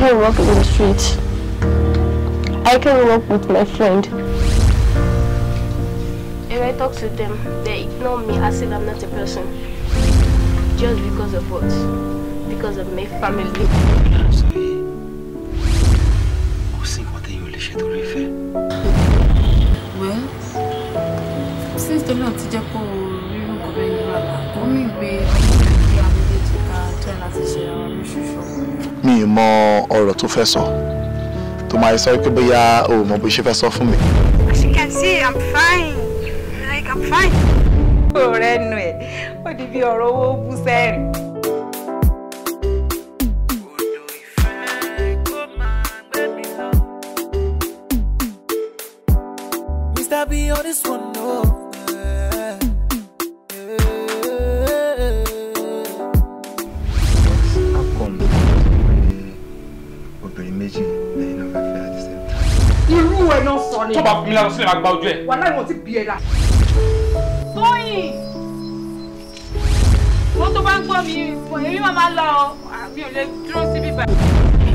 can walk in the street. I can walk with my friend. If I talk to them, they ignore me as if I'm not a person. Just because of what? Because of my family. Well, since the Lord ti jẹ́ kó you nǹkan bẹ́ẹ̀ ní bàbá, ó mú ìwé ọmọ ìgbé abúlé tó ká tó ẹ̀ láti ṣe àwọn oṣooṣù. mi mọ ọ̀rọ̀ tó fẹ́ sọ tó máa sọ pé bóyá o mọ bó ṣe fẹ́ sọ fún mi. As you can see, I'm fine. Like, I'm fine. ọ̀rẹ́ nu ẹ̀ ó di bí ọ̀rọ̀ owó bú sẹ́rìn. be on this one ẹ náà sọ ni. tó fún mi lára sílẹ̀ máa gba ojú ẹ. wà láì wọn ti bí ẹ la. Tóyìn wọn tó bá ń gbọ́ mi èmi máa máa lọ mi ò lè dúró síbí báyìí.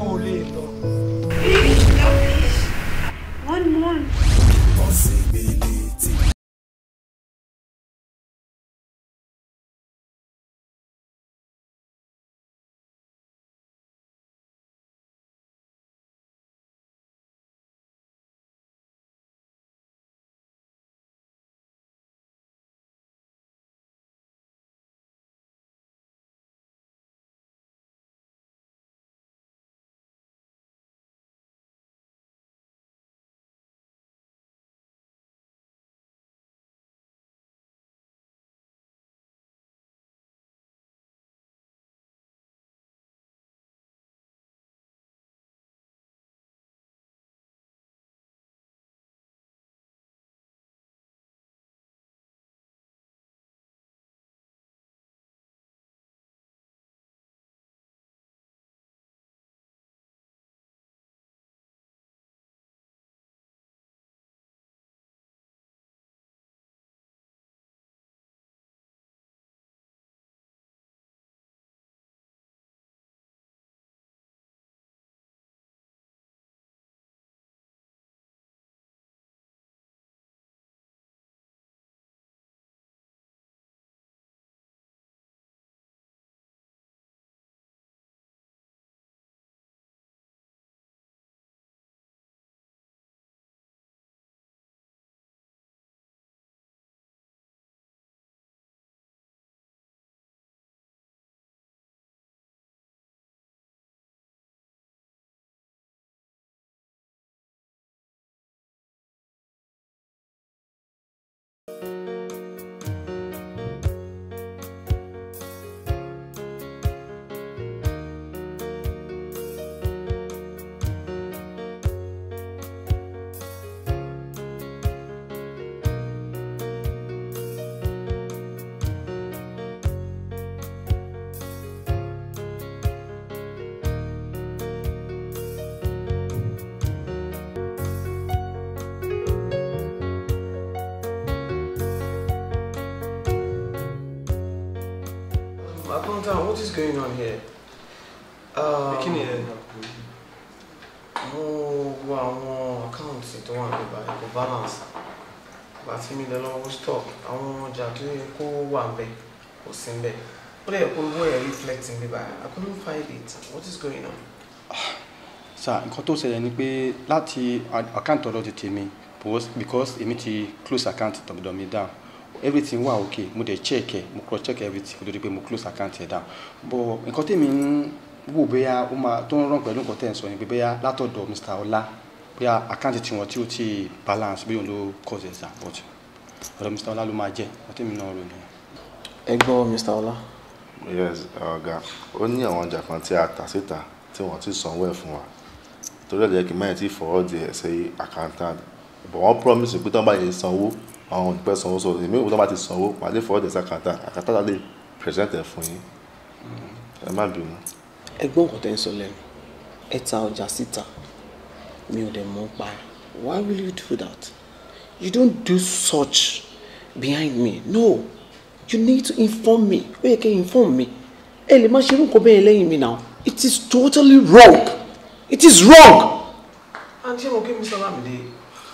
o ò lè lọ. one more. Thank you. down. What is going on here? Um, Kí ni ẹ̀ náà? Mo wo àwọn àkáǹtì tó wà balance. But tí mi the lọ́wọ́ stop. Àwọn ọjà tó yẹ kó wà ń bẹ̀ kò sí ń bẹ̀. Ó lè kó owó ẹ̀ reflect ń I couldn't find it. What is going on? Sà nǹkan tó ṣẹlẹ̀ ni pé láti àkáǹtì ọ̀dọ̀ ti tèmi because èmi ti close àkáǹtì tọ̀dọ̀ me down everything wa okay mo dẹ̀ check ẹ̀ mo cross check everything kó tó di pé mo close account ẹ̀ down but nǹkan tèmi ń wò bóyá ó máa tó ń rán pẹ̀lú nǹkan tẹ̀ ń sọ ni pé bóyá látọ̀dọ̀ Mr. Ọlá bóyá àkáǹtì tiwọn tí ó ti balance bóyá òun ló cause ẹ̀sà but ọ̀dọ̀ Mr. Ola ló máa jẹ́ nǹkan tèmi náà rò nìyẹn. ẹ gbọ́ Mr. Ola. yes ọ̀gá ó ní àwọn ọjà kan tí a tà síta tí wọ́n ti sanwó ẹ̀ fún wa torí ẹ̀ jẹ́ kí mẹ́rin ti fọwọ́ di ẹ̀ sí accountant but wọ́n promise pé tí wọ́n bá yẹ sanwó àwọn òdìpẹ́ sanwó sọ èmi òun tó bá ti sanwó pàdé fọwọ́ tẹ̀sí àkàtà àkàtà tá lè fún yín ẹ má bínú. ẹgbọ́n nǹkan tẹ́ ń sọ lẹ́nu ẹ ta ọjà síta mi ò dẹ̀ mọ́ pa why will you do that you don't do such behind me no you need to inform me ó yẹ kẹ́ inform me ẹ lè má ṣe irú nǹkan bẹ́ẹ̀ lẹ́yìn mi now it is totally wrong it is wrong. aunty mo kí mi sọ lámìlẹ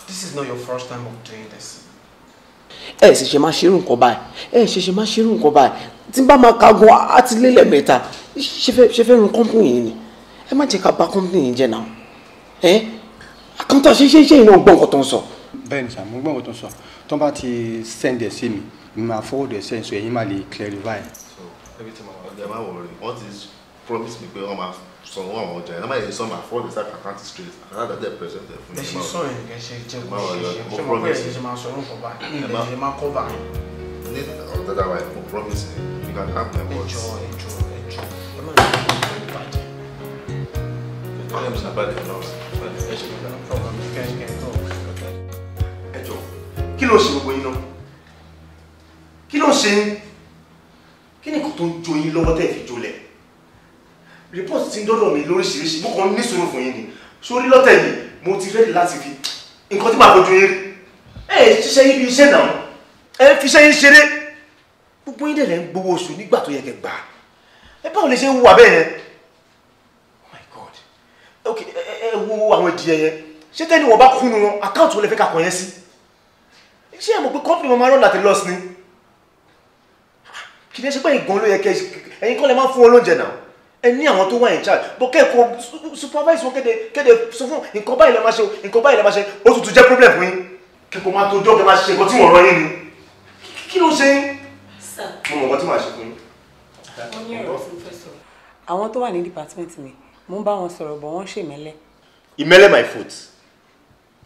this is not your first time of doing this ẹ ṣẹ̀ṣẹ̀ máa ṣerú nǹkan báyìí ẹ ṣẹ̀ṣẹ̀ máa ṣerú nǹkan báyìí tí n bá máa kagun àti lélẹ̀ mẹ́ta ṣe fẹ́ run kọ́mpìnì yìí ni ẹ má jẹ́ ká bà kọ́mpìnì yìí jẹ́ náà ẹ àkáǹtà ṣe ṣe ṣe ìnáwó gbọ́n nǹkan tó ń sọ. bẹ́ẹ̀ni sà mo gbọ́ tó ń sọ tó bá ti send ẹ sí mi mi máa forward ẹ sẹ́yìn so ẹ̀yin máa lè clarify. so everything ma wọ ẹ má wọ rẹ promise me pé wọ́n máa sanwó àwọn ọjà yẹn lọ́mọ yẹn sọ́mà fọ́ ní sáà kàkà ti straight another day present fún mi. ẹ ṣe sọ yẹn kẹ ṣe jẹ kó ṣe ṣe ṣe máa ṣe máa sọ yóò fọ báyìí ẹ máa kọ́ báyìí. ní ọ̀dọ́ dáwà ẹ̀ mo promise you can have my words. ẹjọ ẹjọ ẹjọ ẹ má ní kí n bàjẹ́. ọlọ́run sábà lè lọ ẹ ṣe gbọ́dọ̀ ẹjọ kí ló ṣe gbogbo yín náà kí ló ṣe kí report ti ń dọ́dọ̀ mi lóríṣiríṣi mo kàn ní sùúrù fún yín ni sórí lọ́tẹ̀ yìí mo ti ready láti fi nǹkan tí màá fojú yín rí ẹ ẹ ṣiṣẹ́ yín bí iṣẹ́ náà ẹ fi iṣẹ́ yín ṣeré gbogbo yín dẹ̀lẹ̀ ń gbowó oṣù nígbà tó yẹ kẹ́ gbà ẹ báwo lè ṣe ń wà bẹ́ẹ̀ yẹn oh my god ok ẹ wo àwọn ìdíyẹ yẹn ṣé tẹ́ni wọn bá kúnnu wọn àkáǹtì wọn lè fẹ́ kà kàn yẹn sí ṣé ẹ mọ̀ pé company wọn máa rán láti lọ́ọ̀sì ni kì í ṣe pé ìgbọ́n ló yẹ kẹ́ ẹ̀yin kọ́ lè máa fún wọn lóúnjẹ náà ẹ ní àwọn tó wà in charge bó kẹ́kọ̀ọ́ supervise wọn kéde kéde sọ fún nǹkan báyìí lè máa ṣe o nǹkan báyìí lè máa ṣe o tún tún jẹ́ problem fún yín kẹ́kọ̀ọ́ máa tó jọ́ kẹ́ máa ṣe nǹkan tí wọ́n rán yín ni kí ló ṣe yín. mo mọ̀ nǹkan tí màá ṣe fún yín. àwọn tó wà ní department mi mo ń bá wọn sọ̀rọ̀ bọ̀ wọ́n ṣèmẹ́lẹ́. ìmẹ́lẹ́ my foot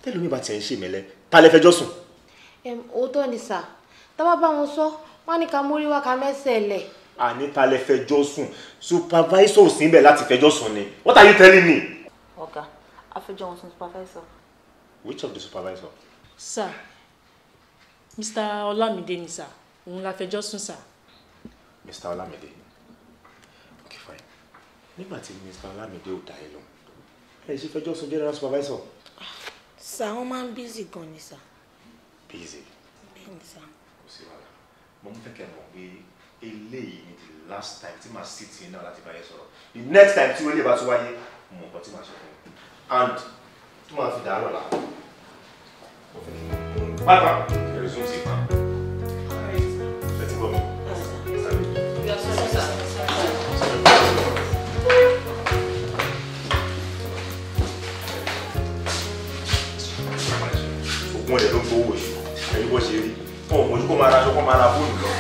tẹ́lẹ̀ mi bá tiẹ̀ ń ṣèmẹ́lẹ́ ta lẹ fẹjọ́ sùn. ni sà tá bá bá wọn sọ wọn àníta lè fẹjọ́ sùn supervisor ò sí bẹ̀ láti fẹjọ́ sùn ni what are you telling me. ọ̀gá àfẹjọ́ wọn sùn supervisor. which of the supervisor. sir mr olamide ni sir òun la fẹjọ́ sùn sir. mr olamide okay fine nígbà tí mr olamide ò dá ẹ lọ ẹ ṣe fẹjọ́ sùn general supervisor. sir wọn máa ń bízì gan ni sir. bízì. bẹ́ẹ̀ ni sir. kò sí wàhálà mo ń fẹ́ kẹ́ ẹ mọ̀ pé eléyìí ni the last time tí màá sì tì í náà láti bá yẹn sọ̀rọ̀ the next time tí wọlé bá tún wáyé mo mọ̀ nǹkan tí màá ṣe fún un and tó máa fi dàárọ̀ là mo fẹ́ kí n pápá ẹ̀rí sóun ti pa ẹ ti gbọ́ mi. ogun ẹ̀ ló ń gbowó oṣù ẹ̀yìn bó ṣe rí wọn ò mójú kó máa ra aṣọ kó máa ra fóònù lọ.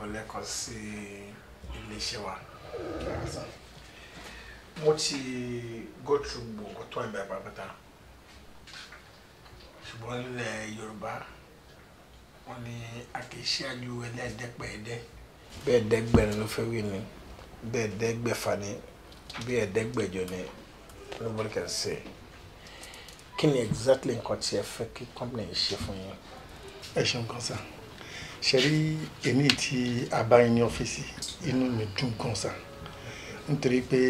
káàbọ̀ lẹ́kọ̀ọ́ sí iléeṣẹ́ wa mo ti go through gbogbo tó ìgbà pàpàtà ṣùgbọ́n ilẹ̀ Yorùbá wọn ni àkèéṣáájú ẹlẹ́ẹ̀dẹ́gbẹ̀ẹ́dẹ́ bẹ́ẹ̀ dẹ́gbẹ̀rin ló fẹ́ wí ni bẹ́ẹ̀ dẹ́gbẹ̀fà ni bẹ́ẹ̀ dẹ́gbẹ̀jọ ni nobody can say kí ni exactly nǹkan tí ẹ fẹ́ kí company ṣe fún yín. ẹ ṣeun kan sáà ṣe rí èmi tí a bá yín ní ọ́fíìsì inú mi dùn gan sa nítorí pé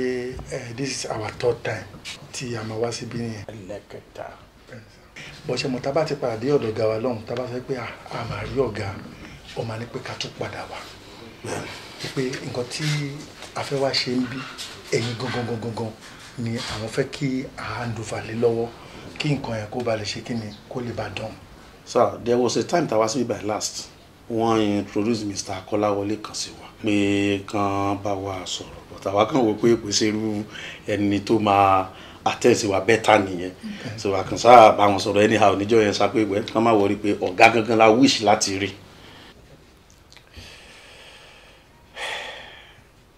this is our third time tí a máa wá síbí nìyẹn. ẹlẹ́kẹta. bọ́sẹ̀ mọ̀ tá a bá ti pàdé ọ̀dọ̀ ọ̀gá wa lọ́hùn tá a bá fẹ́ pé a máa rí ọ̀gá ó máa ní pé ká tún padà wá pé nǹkan tí a fẹ́ wá ṣe ń bí ẹ̀yin gangan gangan gangan ni àwọn fẹ́ kí a hand over lé lọ́wọ́ kí nǹkan yẹn kó ba lè ṣe kí ni kó lè ba dán. sir there was a time tá a wá síbí by last wọ́n introduce Mr. Kọ́láwọlé kan sí wa pé kan bá wa sọ̀rọ̀ but àwa kan wò pé kò ṣerú ẹni tó máa àtẹ̀sí wa bẹ́tà nìyẹn so àkànṣá àbáwọn sọ̀rọ̀ anyhow níjọ́ yẹn sá pé kán má wọrí pé ọ̀gá gangan la wish láti rí.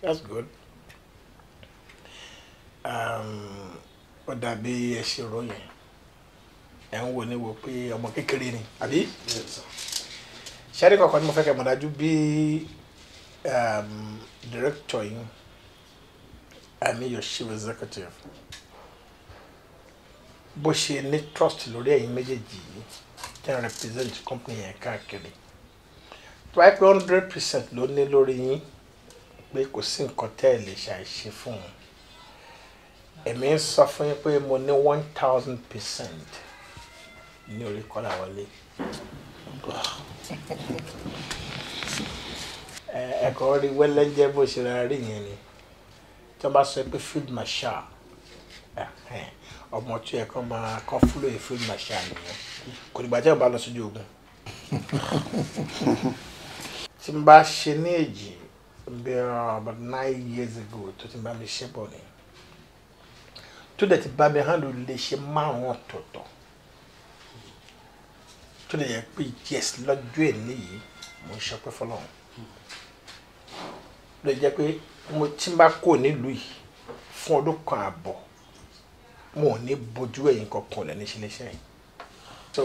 that's good um, ó dàbí ẹ ṣe ròyìn ẹ ń wò ní wo pé ọmọ kékeré ni àbí. Yes, sẹ́rí kọ̀ọ̀kan ni mo fẹ́ kẹ́ mọ̀ dájú bí um, director yín àmì your chief executive bó ṣe ní trust lórí ẹ̀yin méjèèjì yìí ten represent company yẹn káàkiri tó bá yẹ pé hundred percent ló ní lórí yín pé kò sí nǹkan tẹ́ ẹ̀ lè ṣàìṣe fún un èmi ń sọ fún yín pé mo ní one thousand percent ní orí kọ́lá wọlé ẹ̀kọ́ rí wẹ́lẹ́ jẹ́ bó ṣe ra rí yẹn ni tí wọ́n bá sọ pé field marshal ọmọ tí ẹ̀kọ́ máa kọ́ fúlò yìí food marshal nìyẹn kò nígbà tí wọ́n bá lọ sójú ogun tí n bá ṣe ní èjì bí about nine years ago tó ti bá mi ṣe bọ̀ ni tó dẹ̀ ti bá mi hàn ló lè ṣe márùn ọ̀tọ̀ọ̀tọ̀ tó lè yẹ pé yes lọ́jọ́ èní yìí mo ń ṣọpẹ́ fọlọ́run ló jẹ́ pé mo ti bá kó nílùú yìí fún ọdún kan àbọ̀ mo ò ní bojú ẹ̀yìn kankan lẹ́ni ṣiléṣẹ́ yìí so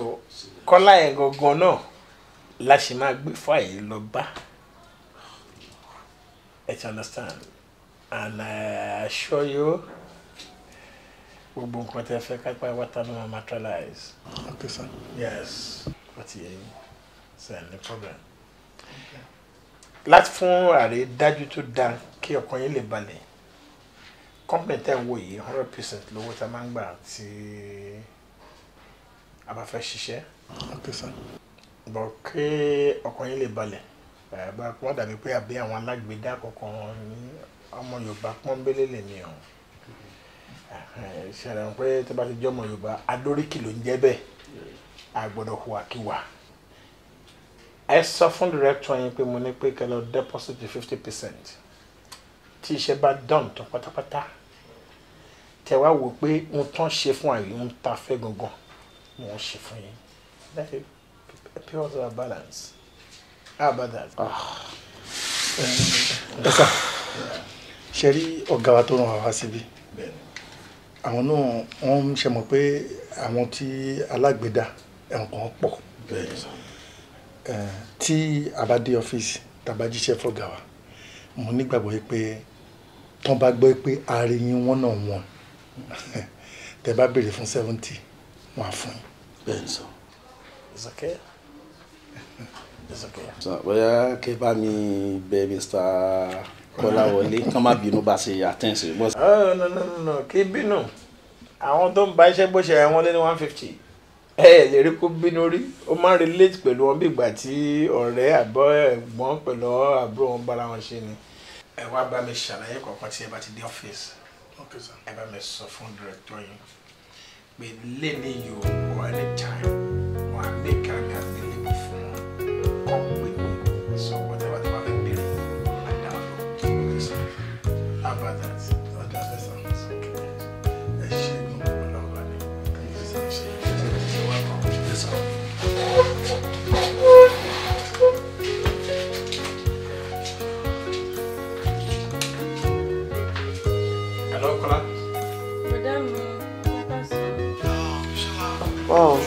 kọ́lá yẹn gangan náà la ṣe máa gbé fáyé lọ bá ẹ ti understand and I assure you gbogbo nǹkan tẹ fẹ́ kápá wata ló máa materialize. okay sir. yes láti yẹ yín sir no problem. láti fún ààrẹ dájú tó dáa kí ọkàn yín lè balẹ̀ company tẹ́ ń wò yìí hundred percent lówó tá a máa ń gbà tí a bá fẹ́ ṣiṣẹ́. okay sir. bọ̀ kí ọkàn yín lè balẹ̀ bá a kọ́ dàbí pé àbí àwọn alágbèédá kọ̀ọ̀kan ọmọ Yorùbá pọ́nbélé lè ní ọ̀hún ṣàlàyé pé tó bá ti jọmọ yorùbá adóríkì ló ń jẹ bẹ́ẹ̀ àgbọ́dọ̀ hùwàkiwà ẹ sọ fún director yín pé mo ní pé kẹ́ lọ deposit fifty percent tí iṣẹ́ bá dán tán pátápátá tẹ wá wò pé n tán ṣe fún àyè ń ta fẹ́ gangan mo ń ṣe fún yín pure balance how about that. ẹ sà ṣe rí ọ̀gá wa tó ràn wá síbí àwọn náà wọ́n ń ṣe mọ̀ pé àwọn tí alágbèédá nǹkan pọ̀ tí a bá dé ọ́fíìsì tàbá jíṣẹ́ fọ́gà wa mo nígbàgbọ́ pé tán bá gbọ́ pé ariyin wọn náà wọn tẹ bá béèrè fún seventy wọn á fún yín. bẹ́ẹ̀ni sọ sọ bóyá kí bá mi bẹ̀ mr. Kọ́láwọlé kán má bínú bá ṣe àtẹ̀sí. Oh, no no no no kí bínú àwọn tó ń ba iṣẹ́ bó ṣe ẹ̀ wọ́n lé ní one fifty ẹ ẹ lè rí kó bínú rí ó máa ń relate pẹ̀lú wọn bí ìgbà tí ọ̀rẹ́ àbọ̀ ẹ̀gbọ́n pẹ̀lú àbúrò wọn bára wọn ṣe ni. ẹ wá bá mi ṣàlàyé kọ̀ọ̀kan tí ẹ bá ti dé ọ́fíìsì ẹ bá mi sọ fún dírẹ́tọ̀ yín pé lẹ́ni yòówù ẹni time wọn á kàmí àgbẹ̀.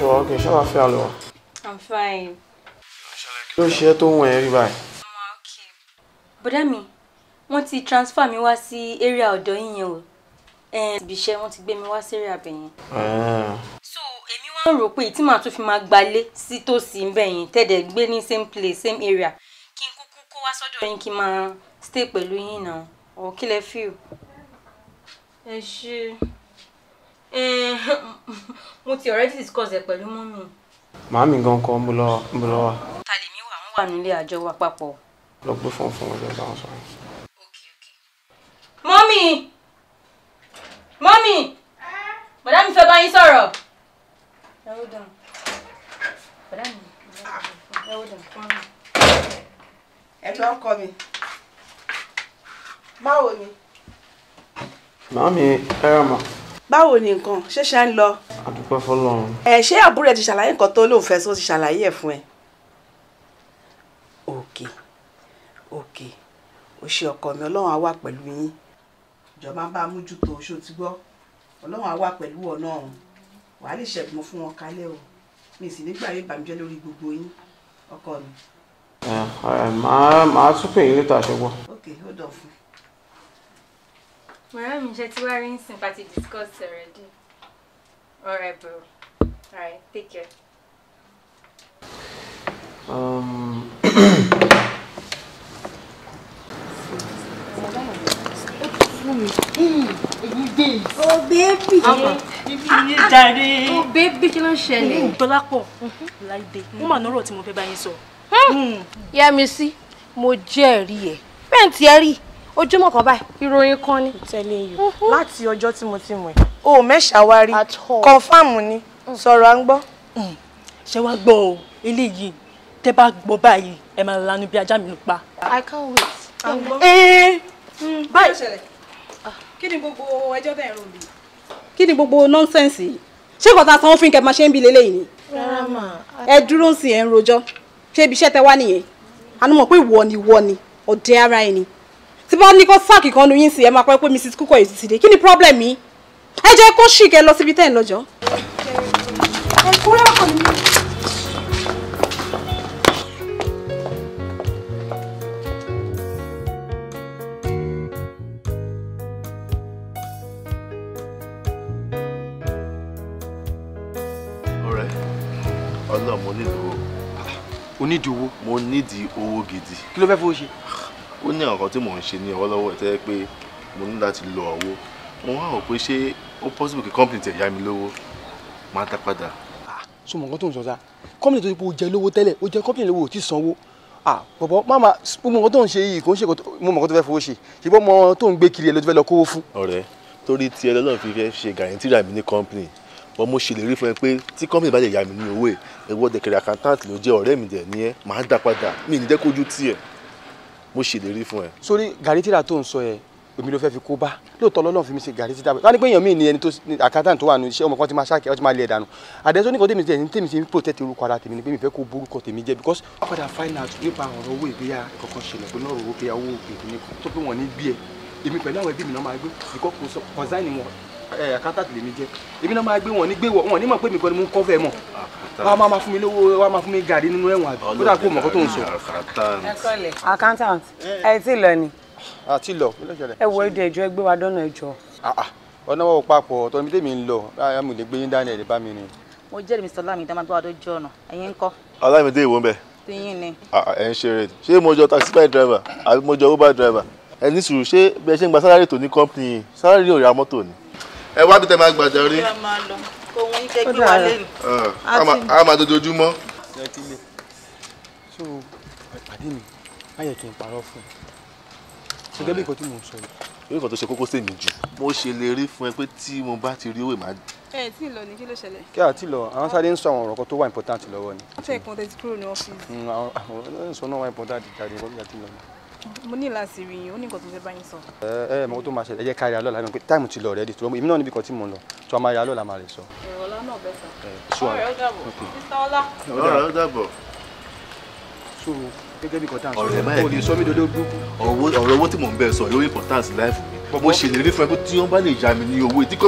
ṣe wà ókè ṣé àlàáfíà lọ. I'm fine. kí ló ṣe é tó ń wọ̀n ẹ́ rí báyìí. bọ́dá mi transfer mi wá sí area ọ̀dọ́ yín yẹn o ibi iṣẹ́ wọ́n ti gbé mi wá sí area bẹ̀ so èmi wá ń rò pé tí màá tún fi máa gbalé sí tòsí ńbẹ̀ yẹn tẹ́dẹ̀ gbé same place same area kí n kúkú kó wá sọ́dọ̀ yín stay pẹ̀lú yín náà ọ̀ kí lẹ feel. ẹ ṣe. Eh, mo ti already discuss ẹ pẹ̀lú mọ́mí. màámi gan kọ́ ń bọ́ lọ́wọ́ wa. ta lè mí wà wọ́n wà nílé àjọ wa papọ̀. lọ gbé fún fún ọjọ́ bá wọn sọ. mọ́mí mọ́mí bàdá mi fẹ́ bá yín sọ̀rọ̀. ẹ ó dàn bàdá mi ẹ ó dàn fún báwo ni. màámi ẹ rà báwo ni nǹkan ṣẹ̀ṣẹ̀ ń lọ. àdúpẹ́ fọlọ́run. ẹ ṣé àbúrò ẹ ti ṣàlàyé nǹkan tó lóun fẹ́ sọ ti ṣàlàyé ẹ̀ fún ẹ. òkè òkè ó ṣe ọkọ mi ọlọ́run á wà pẹ̀lú yín ìjọba bá mójútó oṣù tí gbọ́ ọlọ́run á wà pẹ̀lú ọ̀nà ọ̀hún wàá lè ṣẹ̀gbọ́n fún wọn kálẹ̀ o mi sì nígbà yín bàmíjẹ́ lórí gbogbo yín ọkọ mi. ẹ ẹ máa máa tún pè yín létà ṣọgbọ́n. ok hold on fún mi. Mọ̀rá mi ṣe wearing sympathy? rí discuss already. Alright bro. Alright, take care. Um. Oh baby. baby. ni jàre. Oh baby kí ló ń ṣẹlẹ̀? Dọ́lápọ̀ hmm, mm-hmm. Láìdé. Mo mà nọ́rọ̀ tí mo fẹ́ bá yín sọ. Hmm. Hmm. Yá mi sí, mo jẹ́rìí ẹ̀. Bẹ́ẹ̀ ni ti ẹ rí ojúmọ́ kan báyìí ìròyìn kan ni. tẹ̀lé yìí mhm. láti ọjọ́ tí mo ti mọ̀ ẹ́ o mẹ́ṣàá wá rí kọ́fàmù ni mm. sọ̀rọ̀ à ń gbọ́. Mm. ṣé wàá gbọ́ o eléyìí tẹ́ bá gbọ́ báyìí ẹ máa lanu bí ajá mi ló pa. i can't wait. à ń gbọ́. Eh! Mm. báyìí ṣẹlẹ̀ ah. kí ni gbogbo ẹjọ́ tẹ̀ ń rò mí. kí ni gbogbo nọ́ńsẹ̀nsì yìí ṣé kò tá a sanwó fún kẹ́ máa ṣe ń bi lélẹ́yìn ni. rárá mà. ẹ dúró ń ẹ ń rojọ́ ṣé ibi iṣẹ́ tẹ wá nìyẹn àná mọ̀ pé ìwọ ni ìwọ ni ọ̀dẹ̀ ara ni tí bá ní kó sáàkì kan nu yín sí ẹ máa pẹ́ pé mrs kúkọ̀ yìí ti dé kí problem mi ẹ jẹ́ kó ṣì kẹ́ lọ síbi tẹ́ ẹ̀ lọ́jọ́. ọ̀rẹ́ ọlọ́ọ̀ mo nídìí owó ah, onídìí owó mo nídìí owó gidi kí ló fẹ́ fowó ṣe. Ah, ó ní àwọn kan tí mò ń ṣe ní ọwọ́lọ́wọ́ tẹ́ pé mo ní láti lo ọ̀wọ́ mo wá rò pé ṣé ó possible kí company tẹ̀ yá mi lówó máa ta padà. so mọ̀ nǹkan tó ń sọ sa company tó ti po jẹ lówó tẹ́lẹ̀ ó jẹ company lówó ò tí sanwó ah bọ̀bọ̀ máma mo mọ̀ nǹkan tó ń ṣe yìí kò ń ṣe mo mọ̀ nǹkan tó fẹ́ fowó ṣe ṣùgbọ́n mo tó ń gbé kiri ẹ̀ ló ti fẹ́ lọ kówó fún. ọ̀rẹ́ torí tí ẹlọ́lọ́run fi fẹ́ ṣe guarantee rà mí ní company wọ́n mo ṣèlérí fún ẹ pé tí company bá lè yá mi ní owó ẹ̀ ẹ̀wọ́ dẹ̀kẹ̀rẹ̀ accountant ló jẹ́ ọ̀rẹ́ mi dẹ̀ ní ẹ màá dá padà mi ì ní jẹ́ tiẹ̀ mo ṣèlérí fún ẹ. sórí gàrí tíra tó ń sọ yẹ èmi ló fẹ́ fi kó bá lóòótọ́ lọ́lọ́ fi mi ṣe gàrí títa wọ́n ní pé èèyàn mi ni ẹni tó àkátà tó wà ní iṣẹ́ ọmọ kan ti máa ṣáàkì ọ ti máa lé ẹ̀ dànù àdẹ́sọ́ nípa tèmi tèmi tèmi ṣe ń protect orúkọ ara tèmi ni pé mi fẹ́ kó borúkọ tèmi jẹ́ because wọ́n padà find out nípa ọ̀rọ̀ owó ìgbéyà kankan ṣẹlẹ̀ pé náà owó ìgbéyàwó òkè ìdílé kan tó pé wọ́n ní bí ẹ èmi pẹ̀lú àwọn ẹbí mi náà máa gbé because consign wọn ẹ àkátàtì lèmi jẹ èmi náà máa gbé wọn ní gbé wọn ní mọ̀ pé mi kọ́ ni mo ń kọ́ fẹ́ mọ̀ wọ́n á máa fún mi lówó wọ́n á máa fún mi gàrí nínú ẹ̀wọ̀n àbí kódà kó mọ̀kọ́ tó ń sọ. accountant eh. ẹ ti lọ ni. a ti lọ ẹ wo èdè ẹjọ ẹgbẹ́ wa dọ́nà ẹjọ. Ah, ah. ọ̀nà wọ̀ papọ̀ ọ̀tọ̀ mi tèmi ń lọ báyà mo lè gbé yín dání ẹ̀ lè bá mi ni. mo jẹ́rìí mr Olamide máa gbọ́ wa dójú ọ̀nà ẹ̀yin ń kọ́. Olamide ìwọ ń bẹ. ti yín ni. Ah, ẹ ń ṣeré ṣé mo jọ taxi driver àbí mo jọ uber driver ẹ ní sùúrù ṣé bí ẹ ṣe ń gba sálárì tó ní ẹ wá bí tẹ máa gbàjà rí. a máa dojoojúmọ́. so pàdé mi má yẹ kí n parọ́ fún un gẹ́gẹ́ bí nǹkan tí mò ń sọ yìí. orí nǹkan tó ṣe kókó sèmi jù mo ṣe lè rí fún ẹ pé tí mo bá ti rí owó ìmáà. ẹ tí ì lọ ní kí ló ṣẹlẹ̀. kí àti lọ àwọn sáré ń sọ àwọn ọ̀rọ̀ kan tó wà important lọ́wọ́ ni. wọ́n fẹ́ ìpọ́n tẹ́tí kúrò ní ọ́fíìsì. Mm, àwọn ọ̀rọ̀ ń sọ náà wà important jáde wọ́n fi àti lọ mo ní láti rí yín ó ní nǹkan tó fẹ́ bá yín sọ. ẹ ẹ mọ tó máa ṣẹlẹ̀ ẹ jẹ́ ká rí alọ́la mi pé táìmù ti lọ rẹ́ẹ̀dì tó èmi náà níbi kan tí mò ń lọ tó a máa rí alọ́la máa rè sọ. ọ̀rọ̀ náà bẹ́ẹ̀ sà. ọ̀rẹ́ ó dàbọ̀ sísá ọlá. ọ̀rẹ́ ó dàbọ̀. so gẹ́gẹ́ bí kan tá à ń sọ ọ̀rẹ́ ò lè sọ mí dodo burúkú. ọ̀rọ̀ owó tí mò ń bẹ sọ yóò important life mi mo ṣèlérí fún ẹ pé tí wọ́n bá lè yá mi ní owó tí kò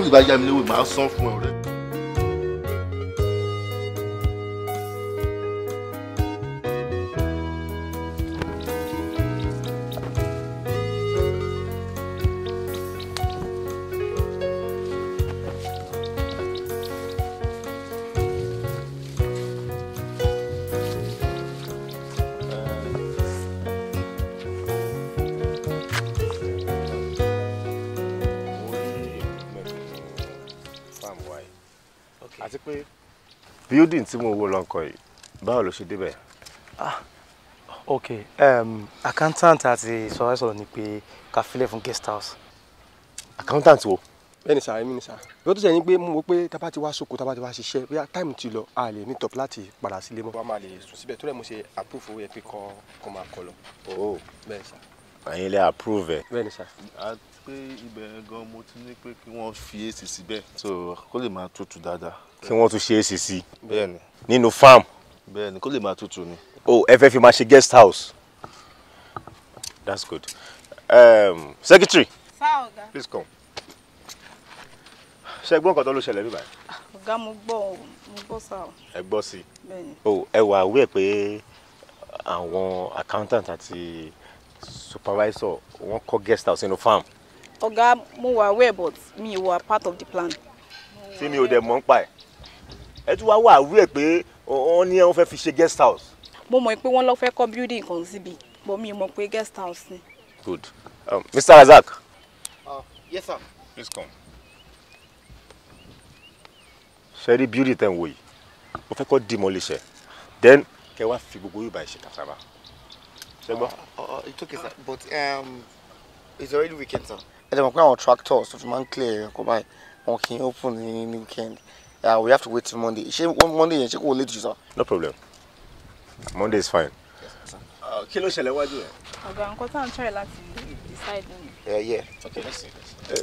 building tí mo wò lọ́nkọ yìí báwo ló ṣe débẹ̀. ah ok um, accountant àti sọ̀rọ̀ sọ̀rọ̀ ni pé ká filẹ̀ fún guest house. accountant wo bẹ́ẹ̀ni sà èmi ni sà lọ́tọ̀ sẹ́yìn ni pé mo wò pé tábà ti wá sóko tábà ti wá ṣiṣẹ́ bóyá táìmù ti lọ a lè ní tọ́pù láti padà sílé mọ́. wọ́n máa lè sùn síbẹ̀ tó lẹ́ mo ṣe approve owó yẹn pé kọ́ kọ́ máa kọ́ lọ. o oh, bẹ́ẹ̀ni sà. àyìn ilé approve ẹ. bẹ́ẹ̀ni sà. a pé ibẹ̀ gan mo ti ní pé kí wọ́n fi èsì síbẹ̀ so kó lè máa tutù dáadáa kí wọ́n tún ṣe é sí sí. bẹ́ẹ̀ni. nínú farm. bẹ́ẹ̀ni kó lè máa tutù ni. o ẹ fẹ́ fi máa ṣe guest house. that's good. Um, secretary. sáà please come. ṣe gbọ́ nǹkan tó ló ṣẹlẹ̀ bíbá. ọ̀gá mo gbọ́ mo gbọ́ sáà. ẹ gbọ́ sí i. bẹ́ẹ̀ni. o ẹ wà aware pé àwọn accountant àti supervisor wọ́n kọ́ guest house nínú farm. ọ̀gá mo wà aware but mi wà part of the plan. tí mi ò dẹ̀ mọ̀ ń pa ẹ̀ ẹ tún wá wá àwúrẹ̀ pé wọ́n ní wọ́n fẹ́ fi ṣe guest house. mo mọ̀ pé wọ́n lọ fẹ́ kọ́ building kan síbi bọ́ mi mọ̀ pé guest house ni. good um, Mr. Razak. Uh, yes sir. please come. ṣe rí building tẹ̀ ń wò yìí mo fẹ́ kọ́ demolish ẹ̀ then kẹ wá fi gbogbo yorùbá ṣe kasaba. ṣe gbọ́. Uh, uh, uh, it's okay sir but um, it's already weekend sir. ẹ dẹ̀ mọ̀ pé àwọn tractors tó fi máa ń clear ẹ̀kọ́ báyìí wọn kì í open ní weekend. Yeah, we have to wait till Monday. She Monday yẹn ṣé kò late jù sá. No problem. Monday is fine. Ah, kí ló ṣẹlẹ̀ wájú ẹ̀? Ọ̀gá nǹkan tá à try to decide Yeah, yeah. Okay, let's see. Let's see.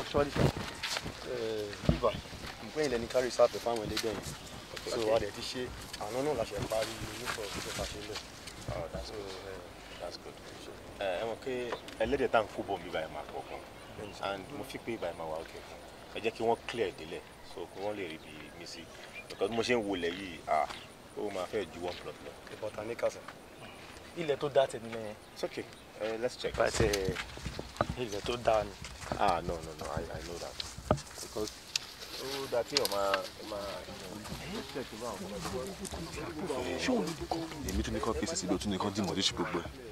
actually bíbà nǹkan ilẹ̀ ní kárí sáàpẹ̀ fáwọn ẹlẹgbẹ́ yẹn so a dẹ̀ ti ṣe àná náà la ṣe parí onífọ̀ọ́ tó fà ṣe lẹ̀ so uh, that's good. Eh, ẹ mọ̀ pé ẹlẹ́dẹ̀ tá à ń kó bọ̀ mi báyìí máa pọ̀ gan and mo fi pé báyìí máa wà òkè fún ẹ jẹ́ kí wọ́n clear délẹ̀ so kí wọ́n lè rí bí mi sí because bí mo ṣe ń wọlẹ̀ yìí ah ó máa fẹ́ ju one plot lọ. the botanical sir ilẹ̀ tó dá tèmi lẹ́yìn. it's okay uh, let's check. but eh, ilẹ̀ tó dá ni. ah no no no i i know that because ó dá tí ọ̀ máa máa ṣé òun ló dúkọ́. èmi tún ní kọ́ fèsì síbi òtún ní kọ́ dìmọ̀ lóṣù gbogbo ẹ̀.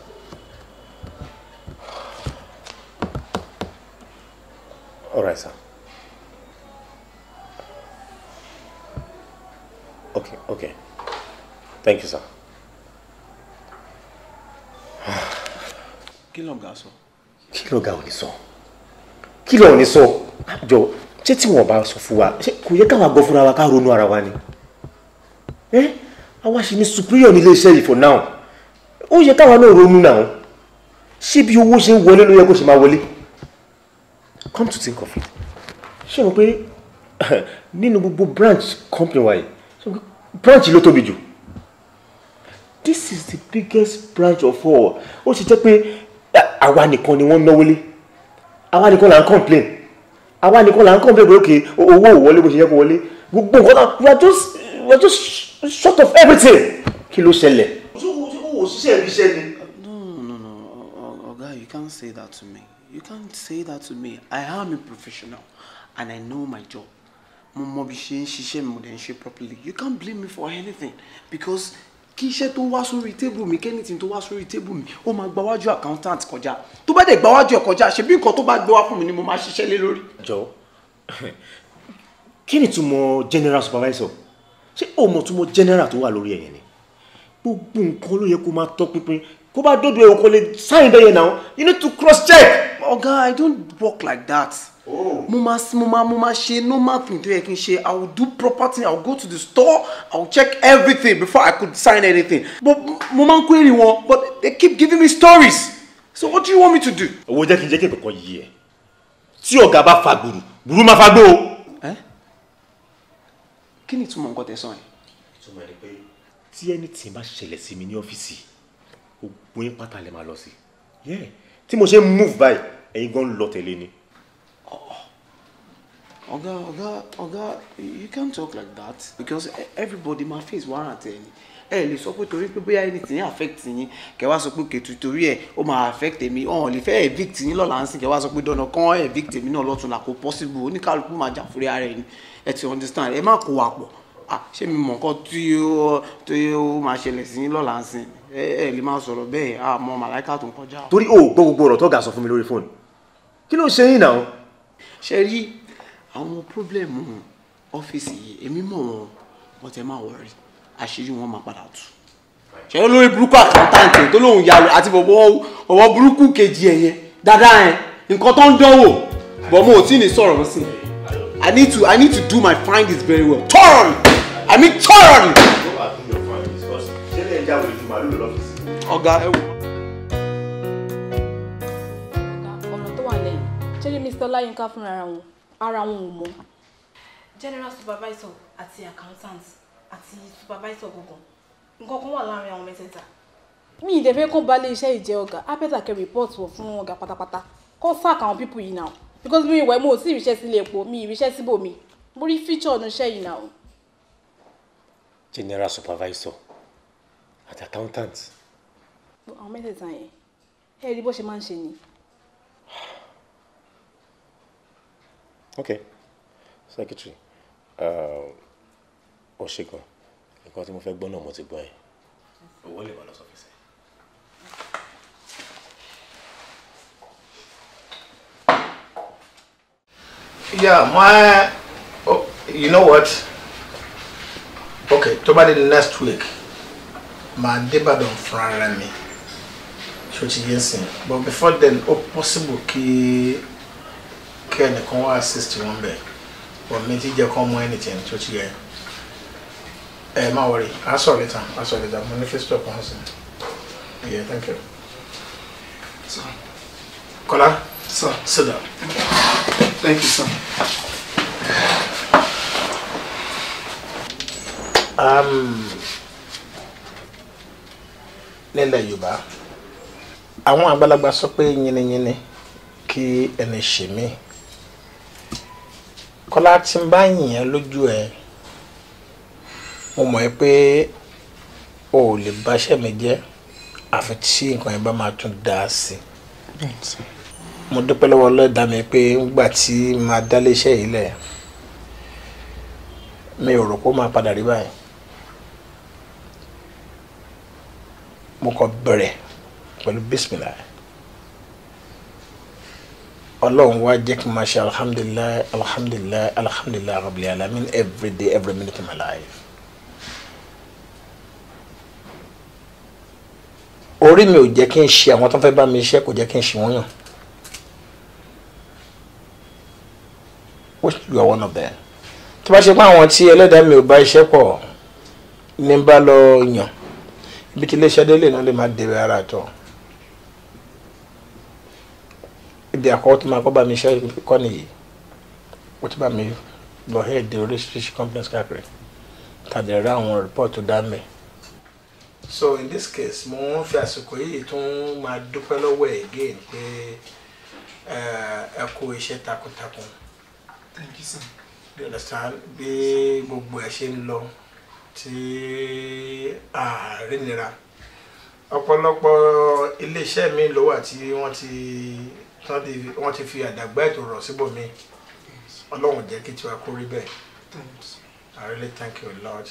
thank you sir. kí ló ga sọ. kí ló ga ò ní sọ kí ló ò sọ àjọ ah, ṣé tí wọn bá sọ fún wa ṣé kò yẹ káwa gbọ́ fúnra wa ká ronú ara wa ni ẹ eh? àwa ṣì ní superior nílé iṣẹ́ yìí for now ó yẹ káwa náà ronú náà ṣé bí owó ṣe ń wọlé ló yẹ kó ṣe máa wọlé come to think of it ṣé o mọ̀ pé nínú gbogbo branch company wa yìí branch ló tóbi jù this is the biggest branch of all ó ṣe jẹ́ pé eh, àwa nìkan ni wọ́n náwó lé àwa nìkan là ń complain àwa nìkan là ń complain pé okay owó ò wọlé bó ṣe yẹ kó wọlé gbogbo nǹkan náà we are just we are just short of everything kí ló ṣẹlẹ̀. o ṣiṣẹ́ iṣẹ́ ni. no no no ọ̀gá you can't say that to me you can't say that to me I am a professional and I know my job mo mọ bí ṣe ń ṣiṣẹ́ mo dẹ̀ ń ṣe properly you can't blame me for anything because kí iṣẹ́ tó wá sórí tébù mi kẹ́nìtì tó wá sórí tébù mi ó máa gbáwájú accountant kọjá tó bá dẹ̀ gbáwájú ẹ̀ kọjá ṣe bí nǹkan tó bá gbé wá fún mi ni mo máa ṣiṣẹ́ lé lórí. jọ kí ni túmọ̀ general supervisor ṣé o mọ̀ túmọ̀ general tó wà lórí ẹ̀yẹn ni gbogbo nǹkan ló yẹ kó máa tọ́ pinpin kó bá dọ́dọ̀ ẹ̀ kó lè sáyìn bẹ́yẹn náà you need to cross check. ọ̀gá i don't work like that mo máa mo máa mo máa ṣe normal thing tó yẹ kí ṣe i will do proper thing i will go to the store i will check everything before i could sign anything but mo máa ń query wọn but they keep giving me stories so what do you want me to do. owó jẹ́ kí n jẹ́ kí èkó kan yí ẹ tí ọ̀gá bá fa gbòòrò burú máa fa gbó o. kí ni ìtumọ̀ nǹkan tẹ sọ yẹn. ìtumọ̀ ni pé tí ẹni tí bá ṣẹlẹ̀ sí mi ní ọ́fíìsì gbogbo yín pátá lè máa lọ sí tí mo ṣe ń move báyìí ẹ̀yin gan lọ tẹ̀lé ni ọ̀gá ọ̀gá ọ̀gá you can't talk like that because everybody my face warrant ẹ̀ ni ẹ lè sọ pé torí pé bóyá anything yẹn affect yín kẹ wá sọ pé kètù torí ẹ ó máa affect èmi ọ̀hún lè fẹ́ evict yín lọ́la ń sìn kẹ wá sọ pé dandan kán evict èmi náà lọ́tún là kó possible oníkálukú máa jà fúri ara ẹ ẹ ti understand ẹ má kó wà pọ̀ ṣé mi mọ̀ nǹkan tí ó tí ó máa ṣẹlẹ̀ sí lọ́la ń sìn ẹ ẹ lè máa sọ̀rọ̀ bẹ́ẹ̀ àmọ́ màláìka tó ń kọjá. torí o gbọ́ gbogbo ọ̀rọ̀ tó ga sọ fún mi lórí fóònù kí ló ṣe yín náà. ṣe rí àwọn pírọ́blẹ̀mù ọ́fíìsì yìí èmi mọ̀ wọn wọ́n tẹ máa wọ̀rí àṣírí wọn máa padà tù. ṣe olórí burúkú àkàntàǹtì tó lóun yàrá àti bọ̀bọ̀ burúkú kejì ẹ̀yẹn dáadáa yẹn nǹkan tó ń dánwò bọ̀ mo ò tí ì ní sọ̀rọ̀ mọ́ sí i. I need to I need to do my findings very well. Thoroughly! I mean thoroughly! Ọ̀gá ẹ wò. Ọ̀gá ọ̀nà tó wà lẹ́yìn, ṣé ni Mr. Ọláyínká fúnra wọn? ara wọn ò mọ. general supervisor àti accountant àti supervisor gbọ̀ngàn nǹkan kan wà láàrin àwọn mẹ́tẹ̀ẹ̀ta. mi ì dẹ̀fẹ́ kán balẹ̀ iṣẹ́ ìjẹ́ ọ̀gá abẹ́tàkẹ́ report wọ̀ fún ọ̀gá pátápátá kó sack àwọn people yìí náà because mi ìwẹ̀ mo ò sí ìríṣẹ́ sílé epo mi ìríṣẹ́ síbòmí mo rí feature ọ̀nà iṣẹ́ yìí náà. general supervisor àti accountant. àwọn mẹ́tẹ̀ẹ̀ta yẹn ẹ rí bó ṣe máa ń ṣe ni okay secretary ó ṣe gan nǹkan tí mo fẹ́ gbọ́ náà mo ti gbọ́ yẹn owó lè máa lọ sọ́fíìsì. Yeah, my, oh, you know what? Okay, tó bá di next week, my débàdàn don't rẹ̀ me. ṣòtì yẹn sìn. But before then, oh, possible key kẹ́ ẹnìkan wá assist wọn bẹ̀ wọ́n mi ti jẹ́ kọ́ mọ anything tó ti yẹ ẹ má wọrí a sọ lẹ́tà a sọ lẹ́tà mo ní kí stop yeah thank you. So. Kola. Sir. Sit Thank you, sir. Um, nílẹ̀ yorùbá àwọn àgbàlagbà sọ pé yínníyínní kí ẹni ṣe mí kọ́lá tí ń bá yìn ẹ́ lójú ẹ̀ mo mọ̀ ẹ́ pé o ò lè báṣẹ́ mi jẹ́ àfi tí nǹkan yẹn bá máa tún dá sí i mo dúpẹ́ lọ́wọ́ ọlọ́dà mi pé ńgbà tí máa dá léṣẹ́ yìí lẹ̀ mi ò rò pé ó máa padà rí báyìí mo kàn bẹ̀rẹ̀ pẹ̀lú bísímìlà yẹn ọlọ́run wá jẹ́ kí n máa ṣe alhamdulilayi alhamdulilayi alhamdulilayi rabbil alamin every day every minute of my life. orí mi ò jẹ́ kí n ṣe àwọn tó ń fẹ́ bá mi ṣe kò jẹ́ kí n ṣe wọ́n yàn. which you are one of them. tó bá ṣe pé àwọn tí ẹlẹ́dàá mi ò bá iṣẹ́ pọ̀ ní bá lọ yàn ibi tí iléeṣẹ́ délé náà lè má dèrè ara àtọ̀. èdè àkọ́kọ́ tó máa kọ́ mi ṣe kọ́ nìyí ó ti mi lọ hẹ́ èdè oríṣiríṣi companies káàkiri tàbí ra àwọn report tó dá so in this case mo ń fi àsìkò yìí tún máa dúpẹ́ lọ́wọ́ ẹ̀ again pé eh, ẹ kú iṣẹ́ takuntakun. thank you bí gbogbo ẹ̀ ṣe ń lọ tí ààrẹ nira ọ̀pọ̀lọpọ̀ iléeṣẹ́ mi ló wà tí wọ́n ti wọ́n ti fi àdàgbà ètò rọ̀ síbòmí ọlọ́run jẹ́ kí tiwa kó bẹ́ẹ̀ I really thank you Lord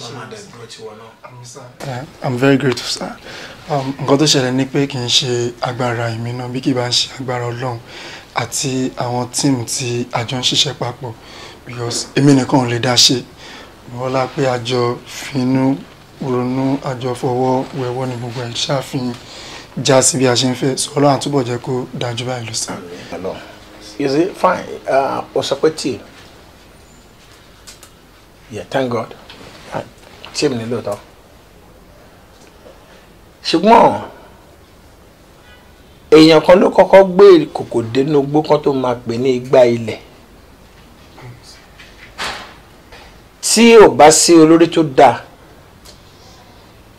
mama dẹ̀ dúró tiwọ náà. I'm very grateful sir um, nǹkan tó ṣẹlẹ̀ ni pé kì í ṣe agbára èmi náà bí kì í bá ń ṣe agbára ọlọ́run àti àwọn tíìmù tí àjọ ń ṣiṣẹ́ papọ̀ because èmi nìkan ò lè dá ṣe bọ́lá pé àjọ finú ronú àjọ fọwọ́ wẹ̀wọ́ ni gbogbo ẹ̀ ṣáà já sí bí a ṣe ń fẹ́ sọ ọlọ́run àtúbọ̀ jẹ́ kó dájú báyìí lọ is it fine uh, ó sọ pé yeah thank god tíì mi ní lóòótọ́ E èèyàn kan ló kọ́kọ́ gbé kòkò dénú igbó kan tó máa pè ní igbá ilẹ̀ tí ò bá sí olórí tó dáa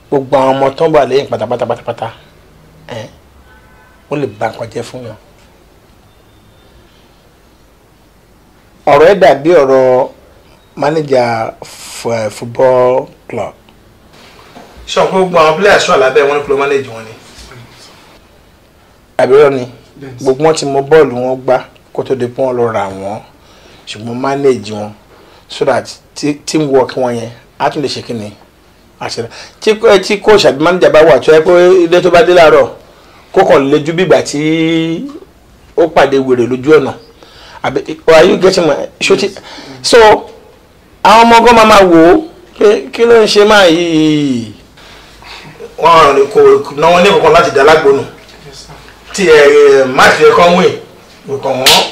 gbogbo àwọn ọmọ tó ń bọ̀ lẹ́yìn ó lè ba nǹkan jẹ́ fún yàn. ọ̀rọ̀ ẹ̀ dàbí ọ̀rọ̀ mánéjà eh, football club. ṣé ọ̀pọ̀ gbogbo àwọn players wà lábẹ́ wọn ní kúló mánéjì wọn ni. àbúrò ni gbogbo wọn ti mọ bọ́ọ̀lù wọn gbá kó tó di pé wọ́n lọ rà wọ́n ṣùgbọ́n mánéjì wọn so that team work wọn yẹn á tún lè ṣe kí ni àṣẹ tí kò ṣàbí eh, mánéjà bá wà tó yẹ pé ilé tó bá dé láàárọ̀ kókàn lẹ́jú bígbà tí ó pàdé wèrè lójú ọ̀nà àbí are you getting my ṣọtí so àwọn ọmọ ọgọ́ máa ma wò ó kí ló ń ṣe máa yìí wọn ò kò náwọn ní kankan láti dá lágbónú tí ẹ má fi ẹ kán wìn nǹkan wọn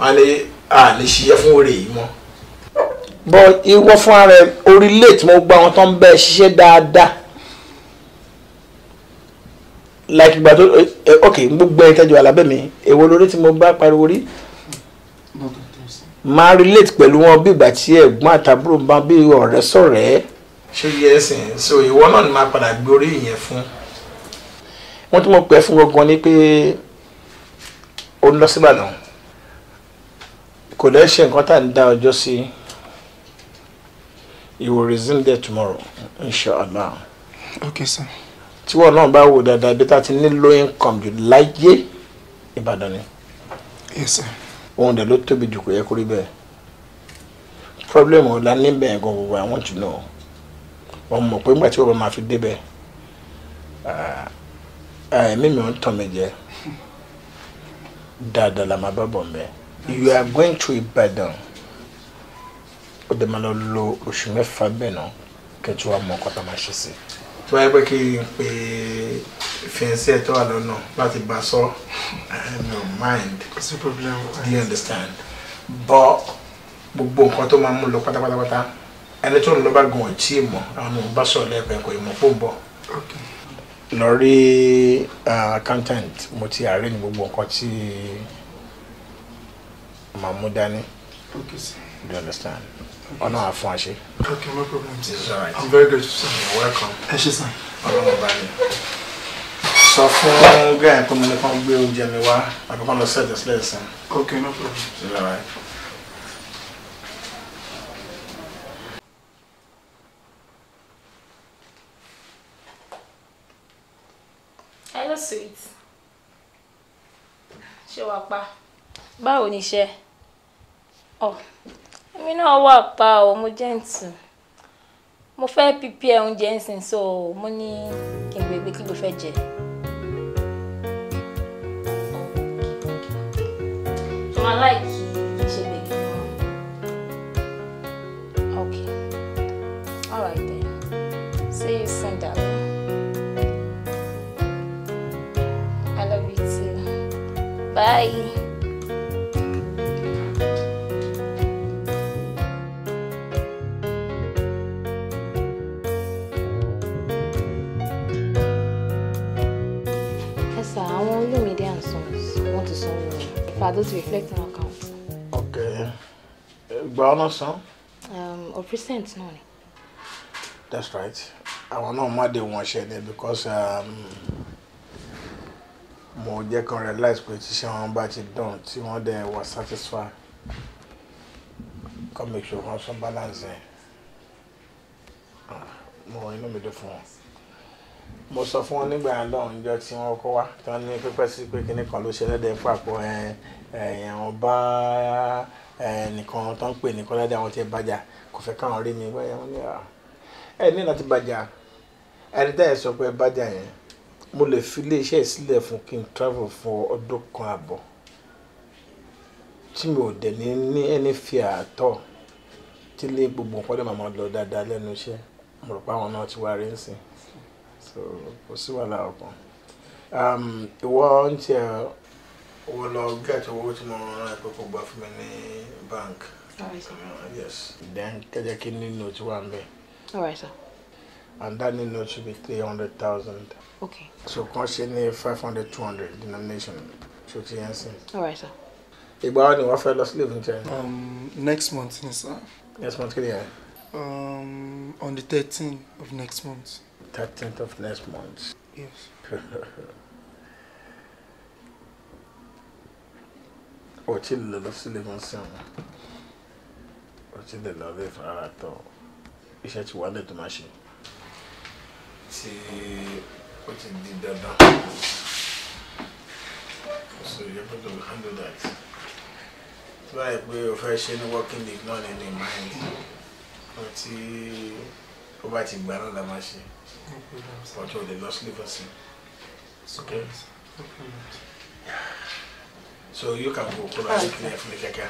wọn lè à lè ṣiṣẹ́ fún òrè yìí mọ́. bọ́ ìwọ fún ara ẹ orí late mo gba àwọn tó ń bẹ ṣiṣẹ́ dáadáa like ìgbà tó eh, ok gbogbo ẹ̀ tẹ́jọ́ alábẹ́ mi èwo lórí tí mo bá pariwo rí máa relate pẹ̀lú wọn bí ìgbà tí ẹ̀gbọ́n àtàbúrò bá bí ọ̀rẹ́ sọ̀rẹ́. ṣé yẹ ẹsìn so ìwọ náà ni máa padà gbé orí yẹn fún. wọ́n tún mọ̀ pé fún gangan ni pé ó ń lọ síbàdàn kò dẹ́ ṣe nǹkan tá à ń dá ọjọ́ sí you will resume there tomorrow inshallah. okay sir tí wọn náà bá wò dáadáa bí tá a ti ní low income jù láyé Ìbàdàn ni. Yes sir. ohun dẹ̀ ló tóbi jù kò yẹ kó bẹ́ẹ̀ problem ò la níbẹ̀ yẹn gan gbogbo I want to know wọn mọ̀ pé nígbà tí wọ́n bá máa fi débẹ̀ ah, ah, ẹ̀mí mi ò ń tàn mí jẹ dáadáa la máa bá bọ̀ mẹ́ you are going to Ìbàdàn ó dẹ̀ máa lọ lo oṣù mẹ́fà bẹ́ẹ̀ náà kẹ́tù wa mọ̀ ọ́ kọ́ta máa ṣe sí i tó yẹ pé kí n pe fiancé tó wà lọ́nà láti bá sọ no mind no do you understand but gbogbo nǹkan tó máa mú lọ pátápátápátá ẹni tó ń lọ bá gan ọtí mọ̀ àwọn ò bá sọ̀rọ̀ lẹ́ẹ̀kan kò ìmọ̀ fún bọ̀ lọ rí accountant mo ti arrange gbogbo nǹkan tí màá dání do you understand ọlọ́run á fún wa ṣe. okay no problem sir right. i'm very grateful sir. you're welcome. ẹ ṣe sàn. ọlọ́run bá mi. sọ fún gbẹ̀yà pé mo lè kàn gbé oúnjẹ mi wá àbí kàn lọ set this lesson. okay no problem. it's all right. hello sweet ṣé wàá pa báwo ni iṣẹ́ ọ. Oh mi náà wà pa o mo jẹ́ǹtì mo fẹ́ pípí ẹ oúnjẹ ńsìn so mo ní kí n gbègbè kí ló fẹ́ jẹ. then see you soon darling. I love you too. Bye. for those reflecting accounts. Okay. Gba ọ̀nà san. Um, or percent náà That's right. Àwọn náà má de wọn ṣe it because um, mo jẹ́ kan realize pé tíṣẹ́ wọn bá ti dùn tí wọ́n dẹ̀ wà satisfied. Come make sure wọ́n some balance ẹ̀. Ah, mo inú mi dùn fún wọn mo sọ fún wọn nígbà lọ́hùn ìjọ tí wọ́n kọ́ wá tí wọ́n ní pípẹ́ sí pé kinní kan ló ṣe lẹ́dẹ̀ fún àpò ẹ̀yàn ọba nìkan tó ń pè nìkan lẹ́dẹ̀ àwọn tí ẹ bàjá kò fẹ́ káwọn rí mi báyà wọn ní à ẹ ní láti bàjá ẹni táyà sọ pé bàjá yẹn mo lè fi iléeṣẹ́ ìsílẹ̀ fún kí n travel fún ọdún kan àbọ̀ tí mi ò dẹ̀ ní ní ẹni fi àtọ̀ tí lé gbogbo nǹkan dẹ̀ máa lọ dáadáa lẹ́nu iṣẹ́ mo rò pé àwọn náà ti wá rí ń so kò sí wàhálà ọkàn um, ìwọ ń tiẹ̀ wọ́n lọ gẹ̀ẹ́tì owó tí mo rán ẹ pé kò bank. yes then kẹjẹ kí nínú note one ń bẹ. all right sir. and that note should be three hundred thousand. okay. so kàn ṣe ní five hundred two hundred denomination ṣo ti all right sir. ìgbà wo ni wọ́n living lọ Um, next month ni sir. next month kí Um, on the thirteen of next month. 13th of next month. Yes. Ọtí lọ́lọ́ sílé mọ́ sẹ́wọ̀n. Ọtí lè lọ lé fara tọ̀. Iṣẹ́ ti wà lẹ́tọ̀ máa ṣe. Tí ó ti di dandan. So you have to handle that. Tí báyìí pé o working league náà in ìmáyìí. Ọtí ó bá ti gbà náà la máa Watu walilost Okay. So you can go. Kuna okay.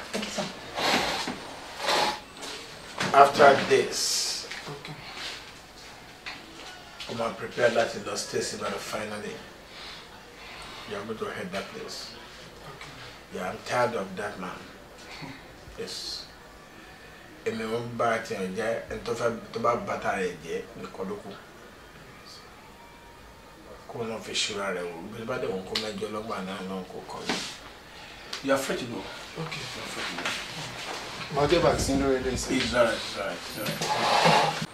After this, okay. come and prepare that but finally. You are going to head that place. Okay. Yeah, I'm tired of that man. Yes. tó tó kọ́dọ́kù. kó o náà fi ṣura rẹ̀ wò bí bá dẹ̀wọ̀n kó mẹ́jọ lọ́gbà náà náà kó kọ́ ni. you are free to go. okay you are free to go. mo vaccine lórí ilé it's alright it's alright.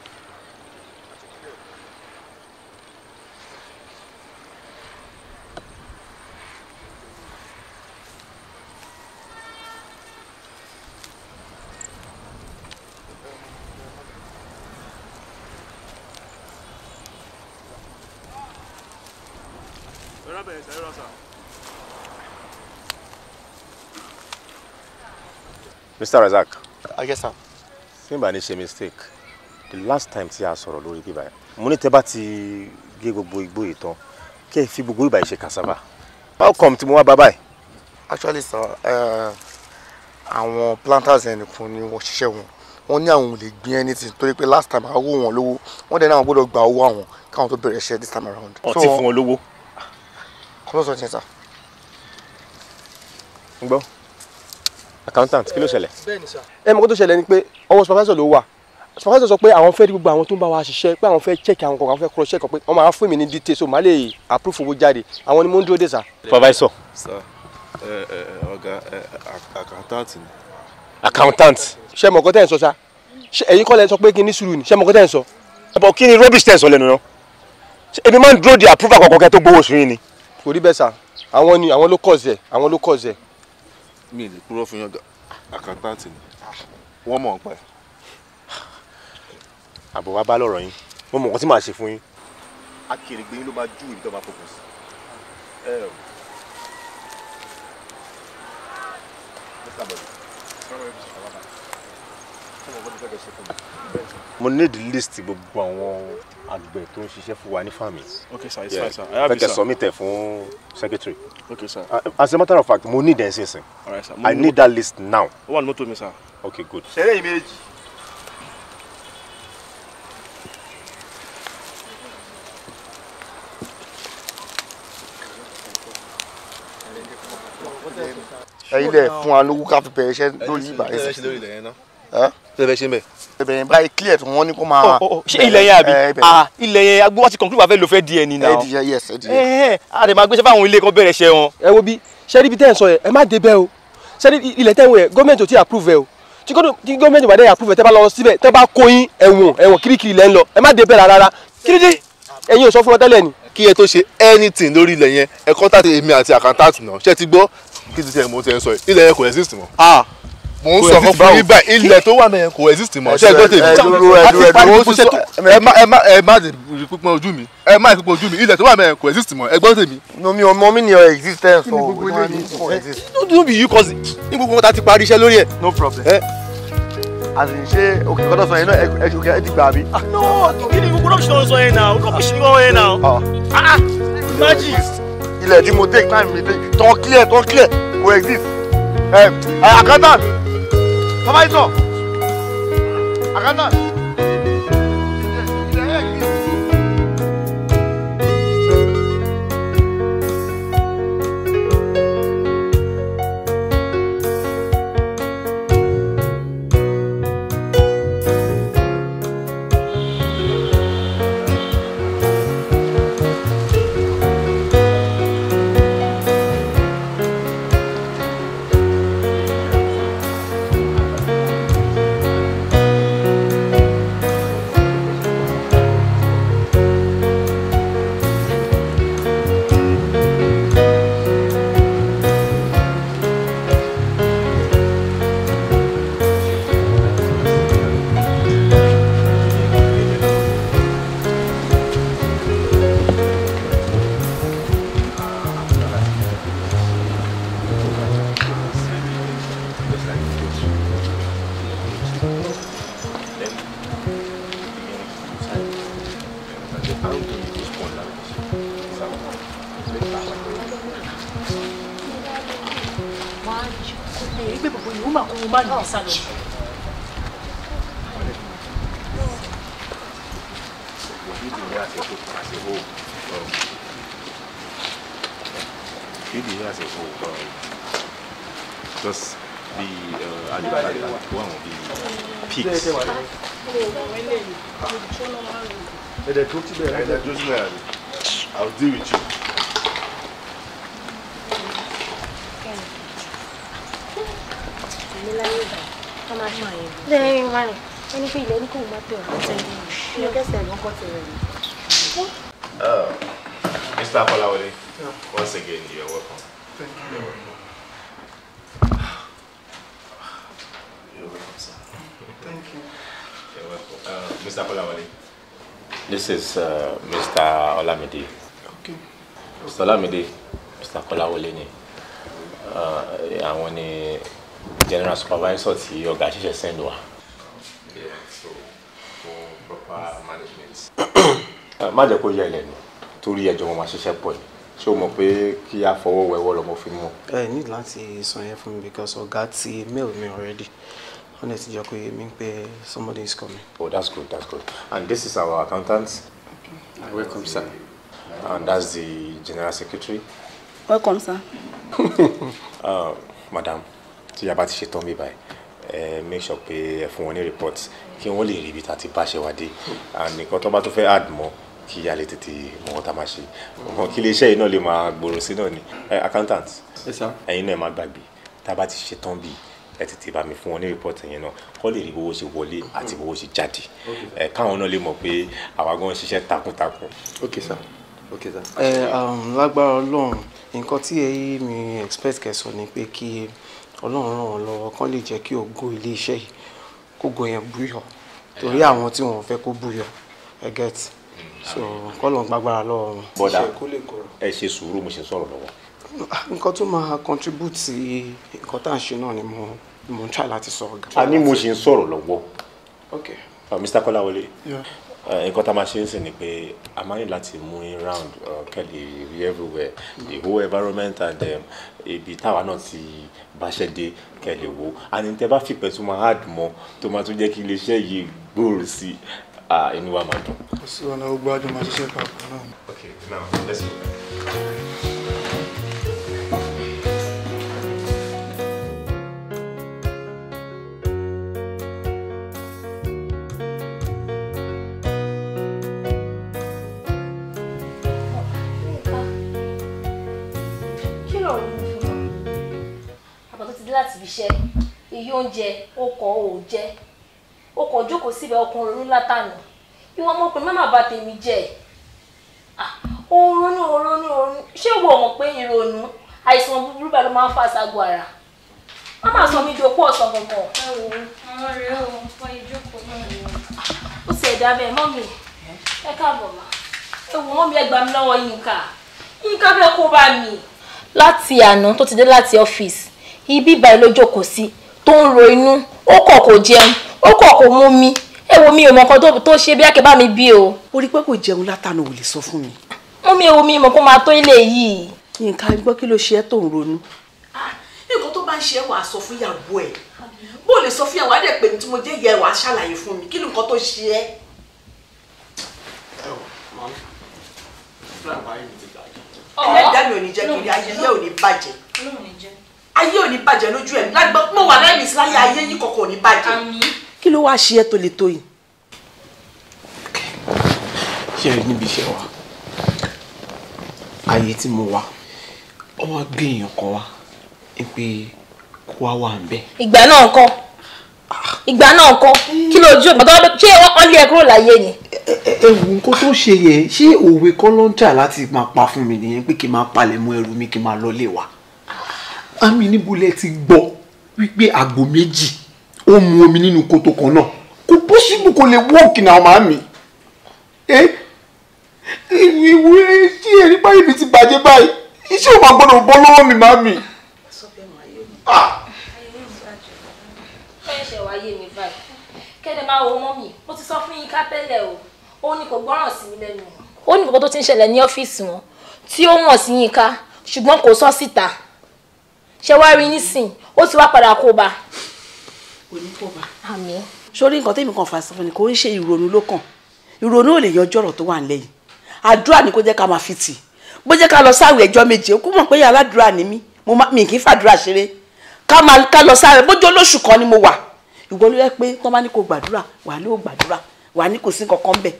Mr. Razak. I guess so. n bá ní mistake, the last time tí a sọ̀rọ̀ lórí bíbá yẹn, mo ní tẹ́ bá ti gé gbogbo igbó yìí tán, fi gbogbo ìbà yìí ṣe How come tí mo wá bá báyìí? Actually sir, àwọn planters yẹn nìkan ni wọ́n ṣiṣẹ́ wọn. Wọ́n ní àwọn ò lè gbin anything torí pé last time àwọn owó wọn lówó. Wọ́n dẹ̀ àwọn gbọ́dọ̀ gba owó àwọn káwọn tó bẹ̀rẹ̀ iṣẹ́ this time around. Ọtí fún wọn lówó. Kọ́lọ́sọ̀ ti ń sà. Gbọ́ accountant kí ló ṣẹlẹ̀. bẹ́ẹ̀ni sà. ẹ mọ̀ kó tó ṣẹlẹ̀ ni pé ọwọ́ supervisor ló wà supervisor sọ pé àwọn fẹ́ rí gbogbo àwọn tó ń bá wa ṣiṣẹ́ pé àwọn fẹ́ check àwọn kọ̀ọ̀kan fẹ́ cross check pé wọ́n máa fún mi ní detail so màá lè approve owó jáde àwọn ni mo ń dúró dé sà. supervisor. sà ẹ ẹ ọ̀gá ẹ accountant ni. accountant. ṣé mọ̀kọ́ tẹ̀ ń sọ sa ẹ̀yin kọ́ lẹ sọ pé kí ni sùúrù ni ṣé mọ̀kọ́ tẹ̀ ń sọ. ẹ̀bọ̀ kí ni rubbish tẹ̀ ń sọ lẹ́nu náà ebi máa ń dúró de approval kọ̀ọ̀kan kẹ́ tó gbowó sùn yín ni. kò rí bẹ́ẹ̀ sà àwọn ni àwọn ló kọ̀ zẹ̀ mi ì lè kúrò fún yàn àkàntàntì ni wọ́n mọ̀ ń pẹ́. àbọ̀ wa bá lọ̀rọ̀ yín mo mọ̀ nǹkan tí màá ṣe fún yín. akèrègbè yín ló máa ju ìbí tó máa fòkùn sí. mo need list gbogbo àwọn àgbẹ̀ tó ń ṣiṣẹ́ fún wa ní fàmì. ok sir it's yeah. fine sir i have you sir. fẹkẹ submit ẹ fún secretary. ok sir. Ah, as a matter of fact mo need ẹ sísìn. alright sir mo i need that list now. ó wà ní mọ́tò mi sir. ok good. ṣẹlẹ yìí méjì. ẹyin lẹ fún wa lówó ká fi bẹ̀rẹ̀ iṣẹ́ lórí ibà yẹn. ẹ ṣe lórí ilẹ̀ yẹn náà. ẹ ṣe lórí ilẹ̀ yẹn náà ibẹ̀ yẹn báyìí clear tí wọ́n ní kó máa. Oh, oh, oh. ṣé ilẹ̀ yẹn àbí ah, ilẹ̀ yẹn agbó wá ti conclude wà fẹ́ lo fẹ́ di ẹni náà. ẹdìyẹ yes ẹdìyẹ. ẹ ẹ eh, eh, eh. a dẹ̀ máa gbéṣẹ́ fáwọn ilé kan bẹ̀rẹ̀ ṣẹ́ wọn. ẹ wo bí sẹ́ríbi tẹ́ ẹ̀ sọ yẹn ẹ má dé bẹ́ẹ̀ o sẹ́ríbi ilẹ̀ tẹ́ ẹ̀ wọ̀ yẹn gọ́ọ̀mẹ̀ntì ò tí approve ẹ o tí gọ́ọ̀mẹ̀ntì wà dẹ́ approve ẹ tẹ́ bá lọ síbẹ̀ tẹ́ bá kóyin ẹ̀wọ̀n ẹ̀wọ̀n kirikiri lẹ́ ń lọ ẹ má dé bẹ́ẹ̀ rárá kirikiri ẹ̀yin ò sọ fún wọn tẹ́lẹ̀ ni. kí ẹ tó ṣe anything lórí ilẹ̀ yẹn ẹ contact èmi àti accountant náà ṣé ti gbọ́ kí ti tẹ̀ mọ́ tẹ̀ exist mọ́. Ah mo ń sọ fún yín báyìí ilẹ̀ tó wà náà kò exist mọ́ ṣé ẹgbẹ́ tèmi àti pariwo ẹ má ẹ má ẹ má ojú mi ẹ má pípọ́n ojú mi ilẹ̀ tó wà náà kò exist mọ́ ẹgbẹ́ tèmi. nomi ọmọ mi ni your existence o no be you cause ní gbogbo wọn ta ti parí iṣẹ́ lórí ẹ̀. no problem àti ṣe òkè kọ́tọ̀ sọ yẹn náà ti gbà mí. Ah, no kí ni gbogbo náà sọ yẹn náà rọ́bìṣì ni wọ́n yẹn náà. Ah. Ah, imagine. ilẹ̀ tí mo take time mi take tán clear tán clear kò exist. ẹ̀ সবাই তো আগান না This is uh, Mr. Olamide. Okay. Mr. Olamide, Mr. Kola Kolawole ni. Uh, àwọn ni general supervisor ti ọ̀gá ṣẹ̀ṣẹ̀ send wa. Yeah, so for proper management. Má jẹ́ kó yẹ ilẹ̀ nù torí ẹjọ́ wọn máa ṣiṣẹ́ pọ̀ ni. Ṣé o mọ̀ pé kí a fọwọ́ wẹ̀wọ́ lọ́mọ fi mú? Ẹ eh, ní láti sọ yẹn fún mi because ọ̀gá ti mail mi already. Honestly, Joko, it somebody is coming. Oh, that's good, that's good. And this is our accountant. Okay. Welcome, sir. And that's the general secretary. Welcome, sir. uh, madam, tí a bá ti ṣetán bí báyìí, ẹ make sure pé ẹ fún wọn ní report kí wọ́n lè rí ibi tá a ti bá ṣe wá dé. And nǹkan tó bá add more, kí a lè tètè mọ ohun tá a máa ṣe. Ọmọ kí iléeṣẹ́ yìí náà Accountant. Yes, sir. Ẹ̀yin náà ẹ má gbàgbé tá a bá ti ẹ tètè bá mi fún wọn ní rìpọ́tì yẹn náà kọ́ lè rí bówó ṣe wọlé àti bówó ṣe jáde ẹ káwọn náà lè mọ̀ pé àwa gan ṣiṣẹ́ takuntakun. ok sir ok sir. ẹ um, lágbára Ọlọ́run nǹkan tí èyí mi expect kẹsàn ni pé kí Ọlọ́run ràn wọn lọ́wọ́ kán lè jẹ́ kí ògo ilé iṣẹ́ yìí kó go yẹn búyọ torí àwọn tí wọn fẹ́ kó búyọ ẹ get so kọlọ gbàgbára lọ́wọ́ wọn. bọ́dà ẹ ṣe sùúrù mo ṣe sọ̀rọ̀ lọ́wọ́. Ah, nǹkan tó máa contribute sí nǹkan tá à ń ṣe náà ni mo mo ń try láti sọ ọ̀gá. a ní mo ṣe ń sọ̀rọ̀ lọ́wọ́. Uh, Mr. Kọ́láwọlé. Yeah uh, nǹkan tá a máa ṣe ń sìn ni pé a máa ní láti mú in round uh, kẹ́lẹ̀ rí everywhere the whole environment and um, ibi táwa náà ti báṣẹ́ dé kẹ́lẹ̀ wo àní tẹ́ bá fìpẹ́ tó máa hard mọ́ tó máa tún jẹ́ kí iléeṣẹ́ yìí gbòòrò sí inú wa máa dùn. kò sí ọ̀nà ogbó àjọ máa ṣiṣẹ́ papọ̀ náà. okay now let's go. dé láti fi ṣe èyí oúnjẹ ọkọ̀ ò jẹ ọkọ̀ jókòó síbẹ̀ ọkọ̀ ronú látànà ìwọ ọmọkùnrin má má bà tèmi jẹ́ ó ronú ó ronú ó ronú ṣé wo mọ̀ pé ìrònú àìsàn búburú bẹ́ẹ̀ ló máa ń fà ságo ara má má sọ mi di òkú ọ̀sán kankan. ẹ wo àwọn rèé o wọn ìjókòó náà ni. ó sì ẹ̀dá bẹ́ẹ̀ mọ́ ẹ káàbọ̀ mà ẹ wò mọ́ mi ẹ gbà mí lọ́wọ́ yínká yínká bẹ́ẹ̀ kó bá mi. láti àná tó ti dé láti ọ́fíìsì ibi báyìí ló jókòó sí tó ń ro inú ó kọ̀ kò jẹun ó kọ̀ kò mú mi ẹ wo mi ò mọ nǹkan tó ṣe bí akẹ́bá mi bí o. mo rí pé kò jẹun látànà ò lè sọ fún mi. mú mi ewu mi mọ̀ kó máa tó ilé yìí. nǹkan gbọ́ kí ló ṣe ẹ́ tó ń ronú. Ah, nǹkan tó bá ń ṣe ẹ wàá sọ fún ìyàwó ẹ bó lè sọ fún ìyàwó á dẹ̀ tí mo jẹ́ ìyá ẹ wàá ṣàlàyé fún mi kí nǹkan tó ṣe ẹ. ẹ wò màmá ò ní jẹ́ kiri ayé ò ní bàjẹ́ ayé ò ní bàjẹ́ lójú ẹ̀ lágbọ́n mo wà lẹ́mìí sí láyé ayé yín kọ̀ọ̀kan ò ní bàjẹ́. kí ló wáá ṣe ẹ́ tó lè tó yìí. ṣe rí níbi iṣẹ́ wa ayé tí mo wà ó wá gbé èèyàn kan wá pé kó wá wà ń bẹ̀. ìgbà náà kọ́ ìgbà náà kọ́ kí ló jó ìgbà tó ṣé wọ́n lé ẹ kúrò láyé ni. ẹwù nǹkan tó ṣe yẹn ṣé òwe kọ́ ló ń jà láti máa pa fún mi nìyẹn pé kí n máa palẹ̀ mọ́ ẹrù mi kí n máa lọ lé wa àmì níbo lẹ ti gbọ́ wípé àgbò méjì ó mu omi nínú kòtò kan náà kò pọ́sibú kò lè wọ́ọ̀kì náà màámi ẹ ìwé kí ẹni báyìí mi ti bàjẹ́ báyìí iṣẹ́ ò máa gbọ́dọ̀ bọ́ lọ́wọ́ mi màámi. Ah! kẹ́ni máa wo mọ́ mi mo ti sọ fún yín kápẹ́lẹ̀ o ó ní kò gbọ́ràn sí mi lẹ́nu. ó ní kòkó tó ti ń ṣẹlẹ̀ ní ọ́fíìsì wọn tí ó wọ̀n sí yín ká ṣùgbọ́n kò sọ síta ṣe wá rí nísìn ó ti wá padà kó bá. òní kó bá. àmín. sórí nǹkan tẹ́mi kan fà sọ fún ni kò ń ṣe ìrònú ló kàn ìrònú ò lè yọjú ọ̀rọ̀ tó ni kò jẹ́ ká máa fi tì bó jẹ́ ká lọ sáwẹ̀ ẹjọ́ méje ó kú mọ̀ pé ni mí mo má mi kì í fàdúrà ṣeré ká máa ká lọ sáwẹ̀ bójú olóṣù kan ni mo wà ìwọ ló yẹ pé tọ́ bá ní kó gbàdúrà wà ló gbàdúrà wà ní kò sí kankan bẹ̀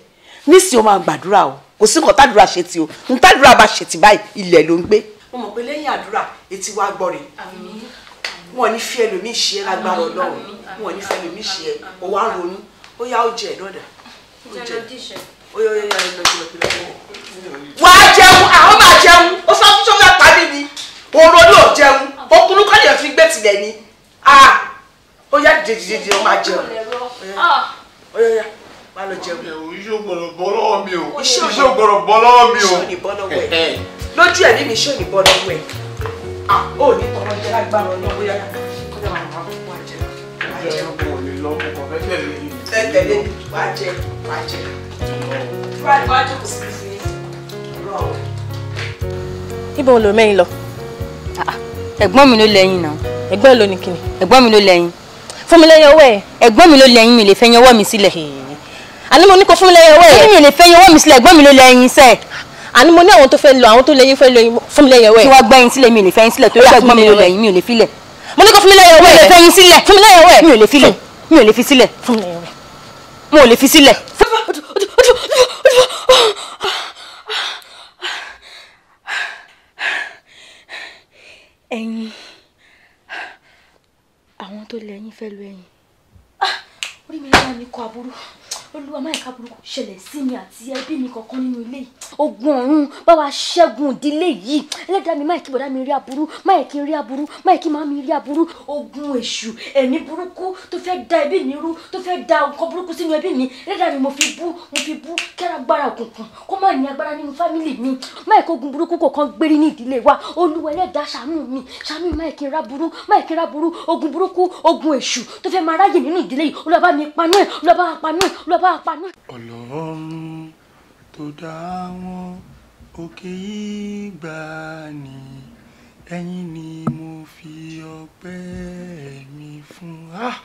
nísìnyí ó máa gbàdúrà o kò sí nǹkan tàdúrà ṣe ti o nǹkan tàdúrà bá ṣe ti báyìí ilẹ̀ ló ń gbé mo mọ̀ pé lẹ́yìn àdúrà etí wa gbọ́ rè wọn ní fi ẹlòmíì ṣe é lágbára ọlọ́run wọn ní fi ẹlòmíì ṣe é ó wá ó yá ó jẹ ẹ̀dọ́dà ó jẹ ó yọ yọ yọ lọ sí lọ wà jẹun àwọn máa jẹun ó sọ fún sọfún àpàdé ni òru ló jẹun okùnrin kọ́ lè fi gbé tilẹ̀ ni ó yá dìde dìde dìde ó máa jẹun ó yọ yọ wà á lọ jẹun. iṣẹ́ ògbọ̀rọ̀ bọ́ lọ́wọ́ mi o iṣẹ́ ògbọ̀rọ̀ bọ́ lọ́wọ́ mi o lójú ẹ̀mí mi ṣó ìbọn lọ́wọ́ ẹ̀ ó ní tọrọ jẹ lágbára ọlọ́wọ́ bóyá kọ́jà máa mi wá jẹ wá lọ. Ah, ẹ̀gbọ́n mi ló lẹ́yìn náà ẹ̀gbọ́n ló ní kíni ẹ̀gbọ́n mi ló lẹ́yìn fún mi lẹ́yìn ọwọ́ ẹ̀ ẹ̀gbọ́n mi ló lẹ́yìn mi lè fẹ́ yan ọwọ́ mi sílẹ̀ àní mo ní kó fún mi lẹ́yìn ọwọ́ ẹ̀ ẹ̀gbọ́n mi lè fẹ́ yan ọwọ́ mi sílẹ̀ ẹ̀gbọ́n mi ló lẹ́yìn sẹ́ẹ̀ àní mo ní àwọn tó fẹ́ lọ àwọn tó lẹ́yìn fẹ́ lọ fún mi lẹ́yìn ọwọ́ ẹ̀. tí wọ́n gbẹ́yìn sílẹ̀ mi ò lè fẹ́yìn sílẹ̀ torí ẹ̀gbọ́n mi ló lẹ́yìn mi ò lè filẹ̀. mo ní kó fún mi lẹ́yìn ọwọ́ ẹ̀. mi ò lè fẹ́yìn sílẹ̀. fún mi lẹ́yìn ọwọ́ ẹ̀. mi ò lè filẹ̀ mi ò lè fi sílẹ̀. fún mi lẹ́yìn ọwọ́ mo ò lè fi sílẹ̀. ẹ̀yin àwọn tó lẹ́yìn fẹ́ lọ ẹ̀yìn. Ah, orí mi náà ní kọ aburú olúwa má ìka burúkú ṣẹlẹ̀ sí mi àti ẹbí mi kankan nínú ilé yìí. ogun ọ̀run bá wa ṣẹ́gun ìdílé yìí ẹlẹ́dàá mi má ìkí bọ̀dá mi rí aburú má ìkí rí aburú má ìkí má mi rí aburú. ogun èṣù ẹ̀mí burúkú tó fẹ́ da ẹbí mi rú tó fẹ́ da nǹkan burúkú sínú ẹbí mi ẹlẹ́dàá mi mo fi bú mo fi bú kẹ́rágbára òkùnkùn kó má ní agbára nínú fámìlì mi má ìkó ogun burúkú kò kàn gbérí ní ìdílé wa olúwa ẹlẹ́dàá mi ṣàánú má ìkí ra burú má ìkí ogun burúkú ogun èṣù tó fẹ́ máa ráyè nínú ìdílé yìí olúwa mi panú ẹ̀ olúwa bá bá apá náà. ọlọ́run tó dá wọn òkè yìí gbà ní ẹ̀yin ni mo fi ọpẹ́ mi fún ah!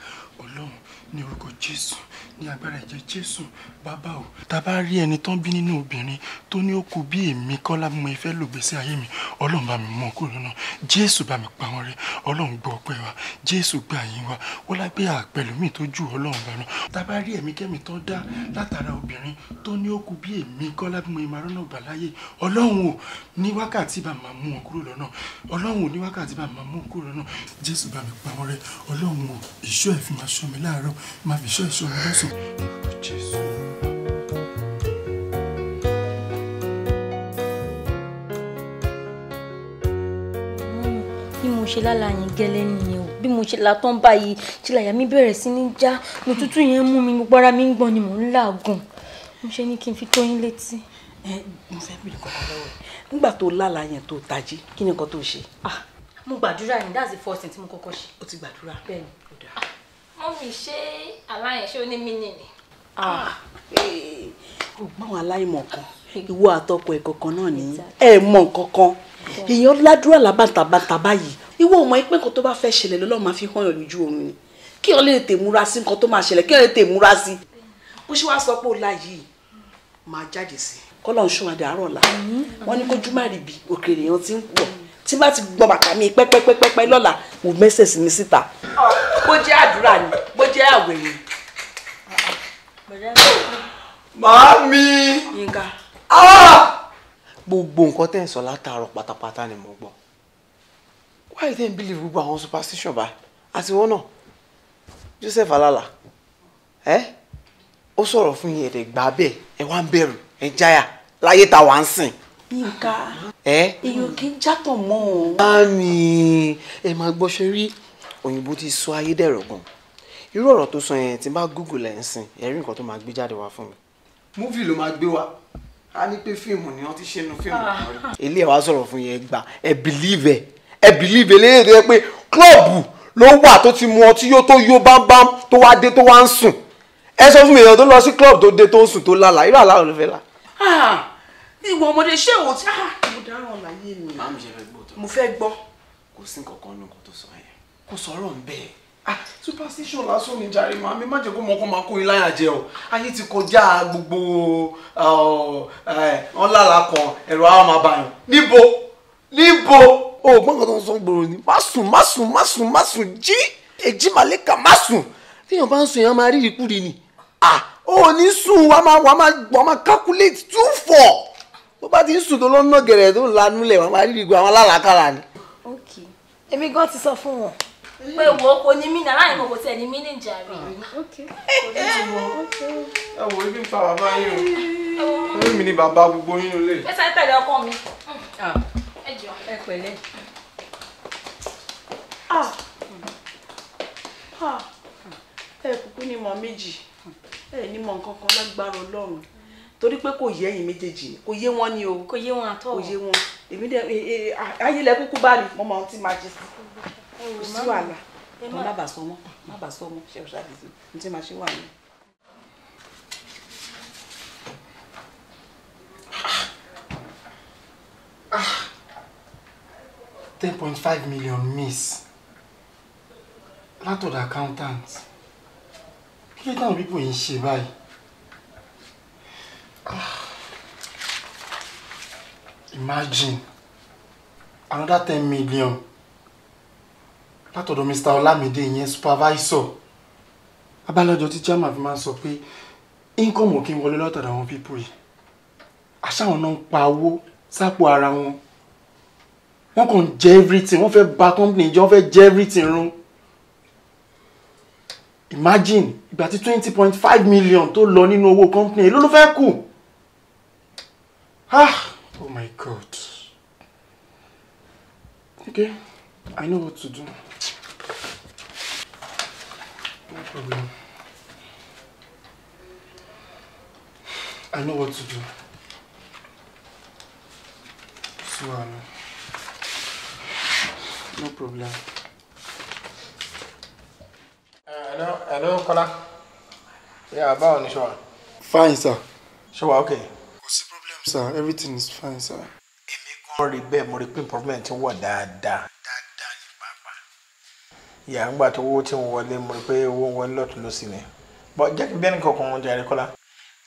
ọlọ́run ní orúkọ jésù ní agbára ẹ̀jẹ̀ jésù bàbá o tá a bá rí ẹni tán bí nínú obìnrin tó ní ó kú bí èmi kọ́lá mo fẹ́ lò gbèsè ayé mi ọlọ́run bá mi mọ kúrò náà jésù bá mi pa wọn rẹ ọlọ́run gbọ́ ọpẹ́ wa jésù gbà yín wa wọ́n lá gbé àpẹlùmí tó ju ọlọ́run bá náà tá a bá rí ẹ̀mí kẹ́mi tán dá látara obìnrin tó ní ó kú bí èmi kọ́lá mo máa rọ́nà gbà láyé ọlọ́run ò ní wákàtí bá máa mú wọn kúrò lọ́nà mo ṣe lálàyé gẹ́lẹ́ nìyẹn o bí mo ṣe la tán báyìí tìlàyà mi bẹ̀rẹ̀ sí ní já mo tútù yẹn mú mi gbogbo ara mi ń gbọ̀n ni mò ń làágùn mo ṣe ní kí n fi tó yín létí. ẹ mo fẹ́ bí nǹkan lọ́wọ́ nígbà tó lálàyé tó tají kí ni nǹkan tó ṣe. Ah, mo gbàdúrà ni that's the first thing tí mo kọ́kọ́ ṣe. o ti gbàdúrà. bẹ́ẹ̀ni mọ́mí ṣé aláyẹn ṣé ó ní mínì ni. ó ah, ah. eh, gbọ́n àwọn aláìmọ̀ kan ìwọ àtọkọ ẹ̀ kankan náà ní ẹ̀ mọ̀ kankan èèyàn ládùúrà lábàtàbàtà báyìí ìwọ ò mọ̀ pé nǹkan tó bá fẹ́ ṣẹlẹ̀ lọ́lọ́ máa fi hàn yàn lójú oorun ni kí ọ lè tè múra sí nǹkan tó máa ṣẹlẹ̀ kí ọ lè tè múra sí bó ṣe wá sọ pé ó láyìí máa jáde sí kọ́lọ́ ń ṣùn àdàárọ̀ la mm-hmm. wọ́n ní kójú má rí òkèèrè yẹn ti ń pọ̀ tí bá ti gbọ́n bàtà mi pẹ́pẹ́pẹ́pẹ́ lọ́la wò mẹ́sẹ̀sì mi síta bó jẹ́ àdúrà ni bó jẹ́ àwèrè. màámi ah! gbogbo nǹkan tẹ̀ ń sọ látàárọ̀ pátápátá ni mo gbọ́ why you dey believe gbogbo àwọn superstition ba? àti wọn náà Joseph Alala ẹ ó sọ̀rọ̀ fún yín ẹ̀ẹ́dẹ̀gbà bẹ́ẹ̀ ẹ wá ń bẹ̀rù ẹ jáyà láyé tá wà ń sìn. Yínká èèyàn kì í játọ̀ mọ́ o. báàmì ẹ máa gbọ́ ṣe rí òyìnbó ti sọ ayé dẹ̀rọ̀ gan irú ọ̀rọ̀ tó sọ yẹn tí bá google ẹ̀ ń sìn ẹ̀rí nǹkan tó máa gbé jáde wá fún mi. múfì ló máa gbé wa a ní pé fíìmù ni wọ́n ti ṣe nu fíìmù kan ah. rí. ilé ẹ̀ wá sọ̀rọ̀ fún yẹn gbà ẹ bìlíìvẹ̀ ẹ bìlíìvẹ̀ lẹ́yìn tó yẹ pé klọ́ọ̀bù ló wà tó ti mu ọtí yó tó yó bámbám tó wá dé tó wá ń sùn ẹ sọ fún mi èèyàn tó lọ sí klọ́ọ̀bù tó dé tó ń sùn tó lálàá irú àlá ò ló ìwọ ọmọdé ṣé o ti ah! mo dáràn láyé mi. máa mi ṣe fẹ́ gbọ́ tó. mo fẹ́ gbọ́. kò sí nǹkan kan nínú tó sọ yẹn kò sọ̀rọ̀ ń bẹ́ẹ̀. ah superstition lásán ni jàre máa mi má jẹ́ kó mọ kó máa kó yín jẹ o ayé ti kọjá gbogbo ọ̀làlà kan ẹ̀rọ àwọn máa bàyàn níbo níbo. o gbọ́n kan tó ń sọ gbòòrò ni má sùn má sùn má sùn má sùn jí èjì màlẹ́kà má sùn téèyàn bá ń sùn yẹn máa rí ìkúri ni ah o ò ní sùn wàá máa wàá máa calculate two four tó bá ti ń sùn tó ló ń ná gẹ̀rẹ̀ tó ń lanúlẹ̀ wọn máa rí ìgbà àwọn alálàákàrà ni. ok èmi gan ti sọ fún wọn pé wo kò ní mí nàrà ìmọ̀ kò tẹ̀ ní mí níjà rẹ̀. ok kò ní ti wọ. ẹ wo ibi ń pa bàbá yín o orí mi ni bàbá gbogbo yín lè. ẹ sáré tẹ̀lé ọkọ mi. Ah. ẹ jọ ẹ pẹ̀lẹ́. Ah. Ah. ẹ kúkú ni mọ̀ méjì ẹ ní mọ̀ nǹkan kan lágbára Ọlọ́run torí pé kò yé ẹ̀yin méjèèjì kò yé wọn ni o kò yé wọn àtọ kò yé wọn èmi dẹ e, e, ayélẹ kúkú bá mi mo mọ ohun tí màá jẹ sí kò sí wàhálà tó má bàa sọ wọn má bàa sọ wọn ṣe ọṣà bìbí ohun tí màá ṣe wà ní. ten point five million miss látọ̀dọ̀ accountant kí ló dáhùn pípò yìí ń ṣe báyìí. Imagine another ten million látọ̀dọ̀ Mr. Olamide ìyẹn supervisor abálọ́jọ tí chairman fi máa ń sọ pé income òkè wọlé lọ́tọ̀dọ̀ àwọn people yìí àṣàwọn náà ń pa owó sápò ara wọn wọ́n kàn ń everything wọ́n fẹ́ bà company jẹ́ wọ́n fẹ́ jẹ everything run imagine ìgbà tí twenty point five million tó lọ nínú owó company èló ló fẹ́ kù. Ah, oh my God. Okay, I know what to do. No problem. I know what to do. So, um, no problem. Eh, hello, hello, Kola. Yeah, about Nishwa. Fine, sir. Sure, okay sir everything is fine sir. èmi gan rí bẹ́ẹ̀ mo rí pé improvement wà dáadáa dáadáa ní pàápàá. ìyá ń gbà tó owó tí ń wọlé mo rí pé owó ń wọlé lọ́tún ló sì ní. bọ́ jẹ́ kí bẹ́ẹ̀ ní kankan oúnjẹ àríkọ́lá.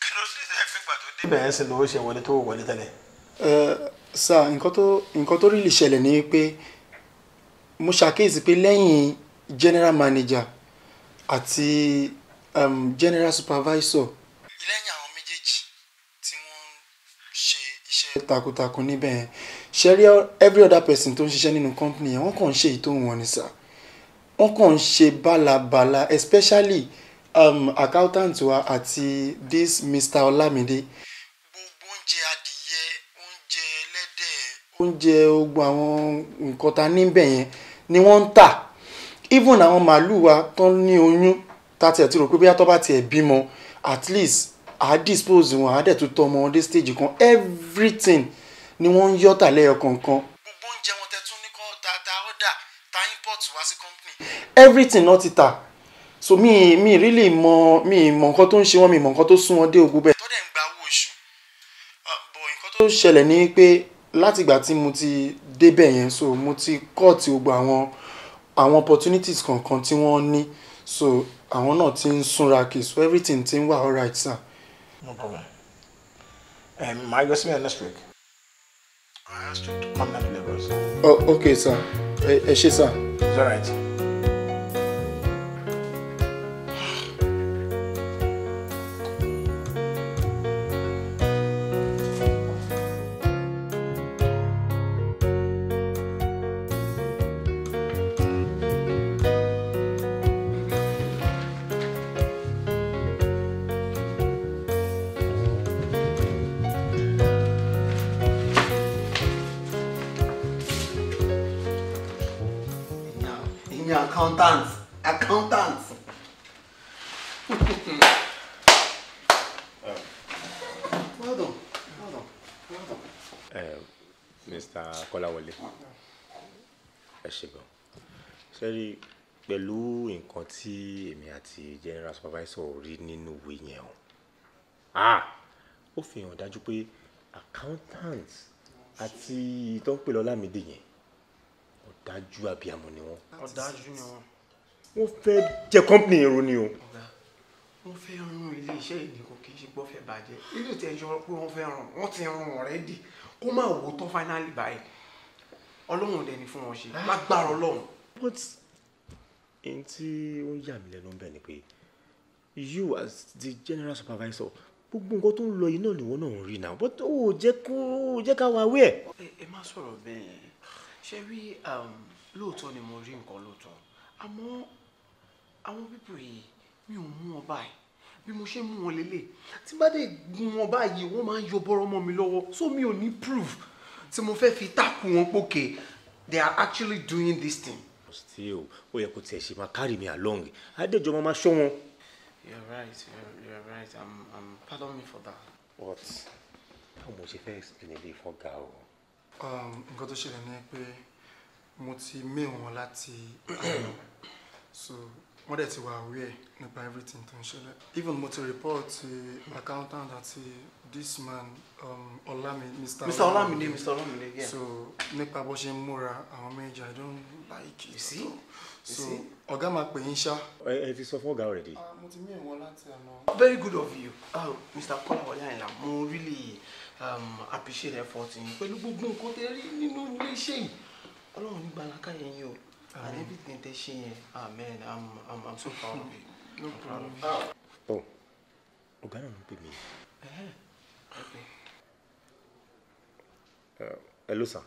kí ló sì ṣe fún ìgbà tó dé bẹ̀rẹ̀ sí lówó ṣe wọlé tó wọlé tẹ́lẹ̀. ẹ sà nǹkan tó rí lè ṣẹlẹ̀ ni pé mo ṣàkíyèsí pé lẹ́yìn general manager àti um, general supervisor. lẹ́yìn takuntakun níbẹ̀ yẹn ṣe rí every other person tó ń ṣiṣẹ́ nínú company yẹn wọ́n kàn ń ṣe èyí tó ń wọn ni sà wọ́n kàn ń ṣe bálabàla especially um, accountant wa àti this Mr. Olamide gbogbo oúnjẹ adìyẹ oúnjẹ ẹlẹ́dẹ̀ oúnjẹ ogun àwọn nǹkan ta níbẹ̀ yẹn ni wọ́n ń tà even àwọn màálù wa tán ní oyún tá tiẹ̀ ti rò pé bí a tọ́ bá tiẹ̀ bímọ at least à á dispose wọn à á dẹ̀ tún tọ́ ọmọ wọn dé stage kan everything ni wọ́n ń yọ́tà lẹ́yọ kọ̀ọ̀kan. gbogbo oúnjẹ wọn tẹ tún ní kọ́ ta ta ọ́dà ta import wá sí company. everything náà ti ta so mi mi really mọ mi mọ nǹkan tó ń ṣe wọn mi mọ nǹkan tó sún wọn dé ògùn bẹ́ẹ̀. tó dẹ̀ ń gba owó oṣù bọ̀ nǹkan tó ṣẹlẹ̀ ni pé látìgbà tí mo ti débẹ̀ yẹn so mo ti kọ́ọ̀tì gbogbo àwọn àwọn opportunities kankan tí wọ́n ní so àwọn náà ti ń súnra kì so everything ti ń wà alright sir. No problem. Um, my resume next week. I asked you to come down to Lagos. Oh, okay, sir. Ẹ eh, eh, she, sir. It's all right. general supervisor rí nínú ìwé yẹn o ah ó fi hàn dájú pé accountant àti tó ń pè lọ́lámídé yẹn ọ̀dájú abiyamọ ni wọ́n. ọ̀dájú ni wọ́n. wọ́n fẹ́ jẹ company èrò ni o. wọ́n fẹ́ run ilé iṣẹ́ yìí kò kì í ṣe gbọ́fẹ́ bàjẹ́ ilé ìtẹ́jọ́ pé wọ́n fẹ́ run wọ́n ti run already kó má wò tán finally báyìí ọlọ́run dẹ̀ ni fún wọn ṣe lágbára ọlọ́run ẹni tí ó ń yà mí lẹ́nu ń ni pé you as the general supervisor gbogbo nǹkan tó ń lọ yìí náà ni wọn náà ń rí náà but ó jẹ́ kó ó jẹ́ ká wá wí ẹ̀. ẹ má sọ̀rọ̀ bẹ́ẹ̀ ṣe rí um, lóòótọ́ ni mo rí nǹkan lóòótọ́ àmọ́ àwọn pípò yìí mi ò mú wọn báyìí bí mo ṣe mú wọn lélẹ̀ tí bá dé gun wọn báyìí wọ́n máa ń yọ bọ́rọ̀ mọ́ mi lọ́wọ́ so mi ò ní proof tí mo fẹ́ fi tákù wọn pókè they are actually doing this thing still ó yẹ kó tiẹ̀ ṣe máa carry me along adéjọ́ máa máa ṣọ́ wọn. you're right you're, you're right i'm i'm pardon me for that. what báwo mo ṣe fẹ́ explain ilé ìfọ́gà o. Um, nǹkan tó ṣẹlẹ̀ ni pé mo ti mail wọn láti àná so wọ́n dẹ̀ ti wà aware nípa everything tó ń ṣẹlẹ̀ even mo ti report accountant àti this man um, Olami, Mr. Mr. Olamide, Mr. Olamide, yeah. So nípa bó ṣe mura múra àwọn I don't like You see? so ọ̀gá máa pè yín ṣá. Ẹ ti sọ fún ọ̀gá already. Ah, mo ti mí ìwọ̀n láti àná. Very good of you, oh, Mr. Kọ́láwọlé Àyìnlá, mo really um, appreciate effort yín pẹ̀lú gbogbo nǹkan tẹ rí nínú ilé iṣẹ́ yìí. Ọlọ́run ní gbalaka yẹn yín o, and everything tẹ ṣe yẹn, amen, I'm, I'm, so proud of you. No problem. Oh, ọ̀gá náà ló pè mí ẹ ló sà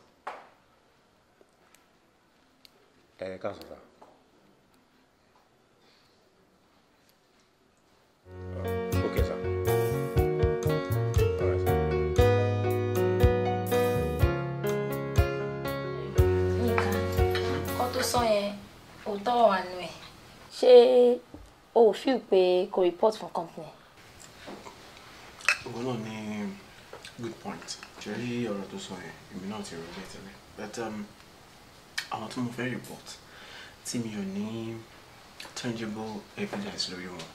ẹ káàsán sà. Okay, sir. All right, sir. Nǹkan tó Ṣé o ò fíìl pé kò report fún company? ọgbọ́n náà ní good point jẹ́rí ọ̀rọ̀ tó sọ yẹn èmi náà ti rò bẹ́ẹ̀ tẹ́lẹ̀ but um, àwọn tó mo fẹ́ report tí mi ò ní tangible evidence lórí wọn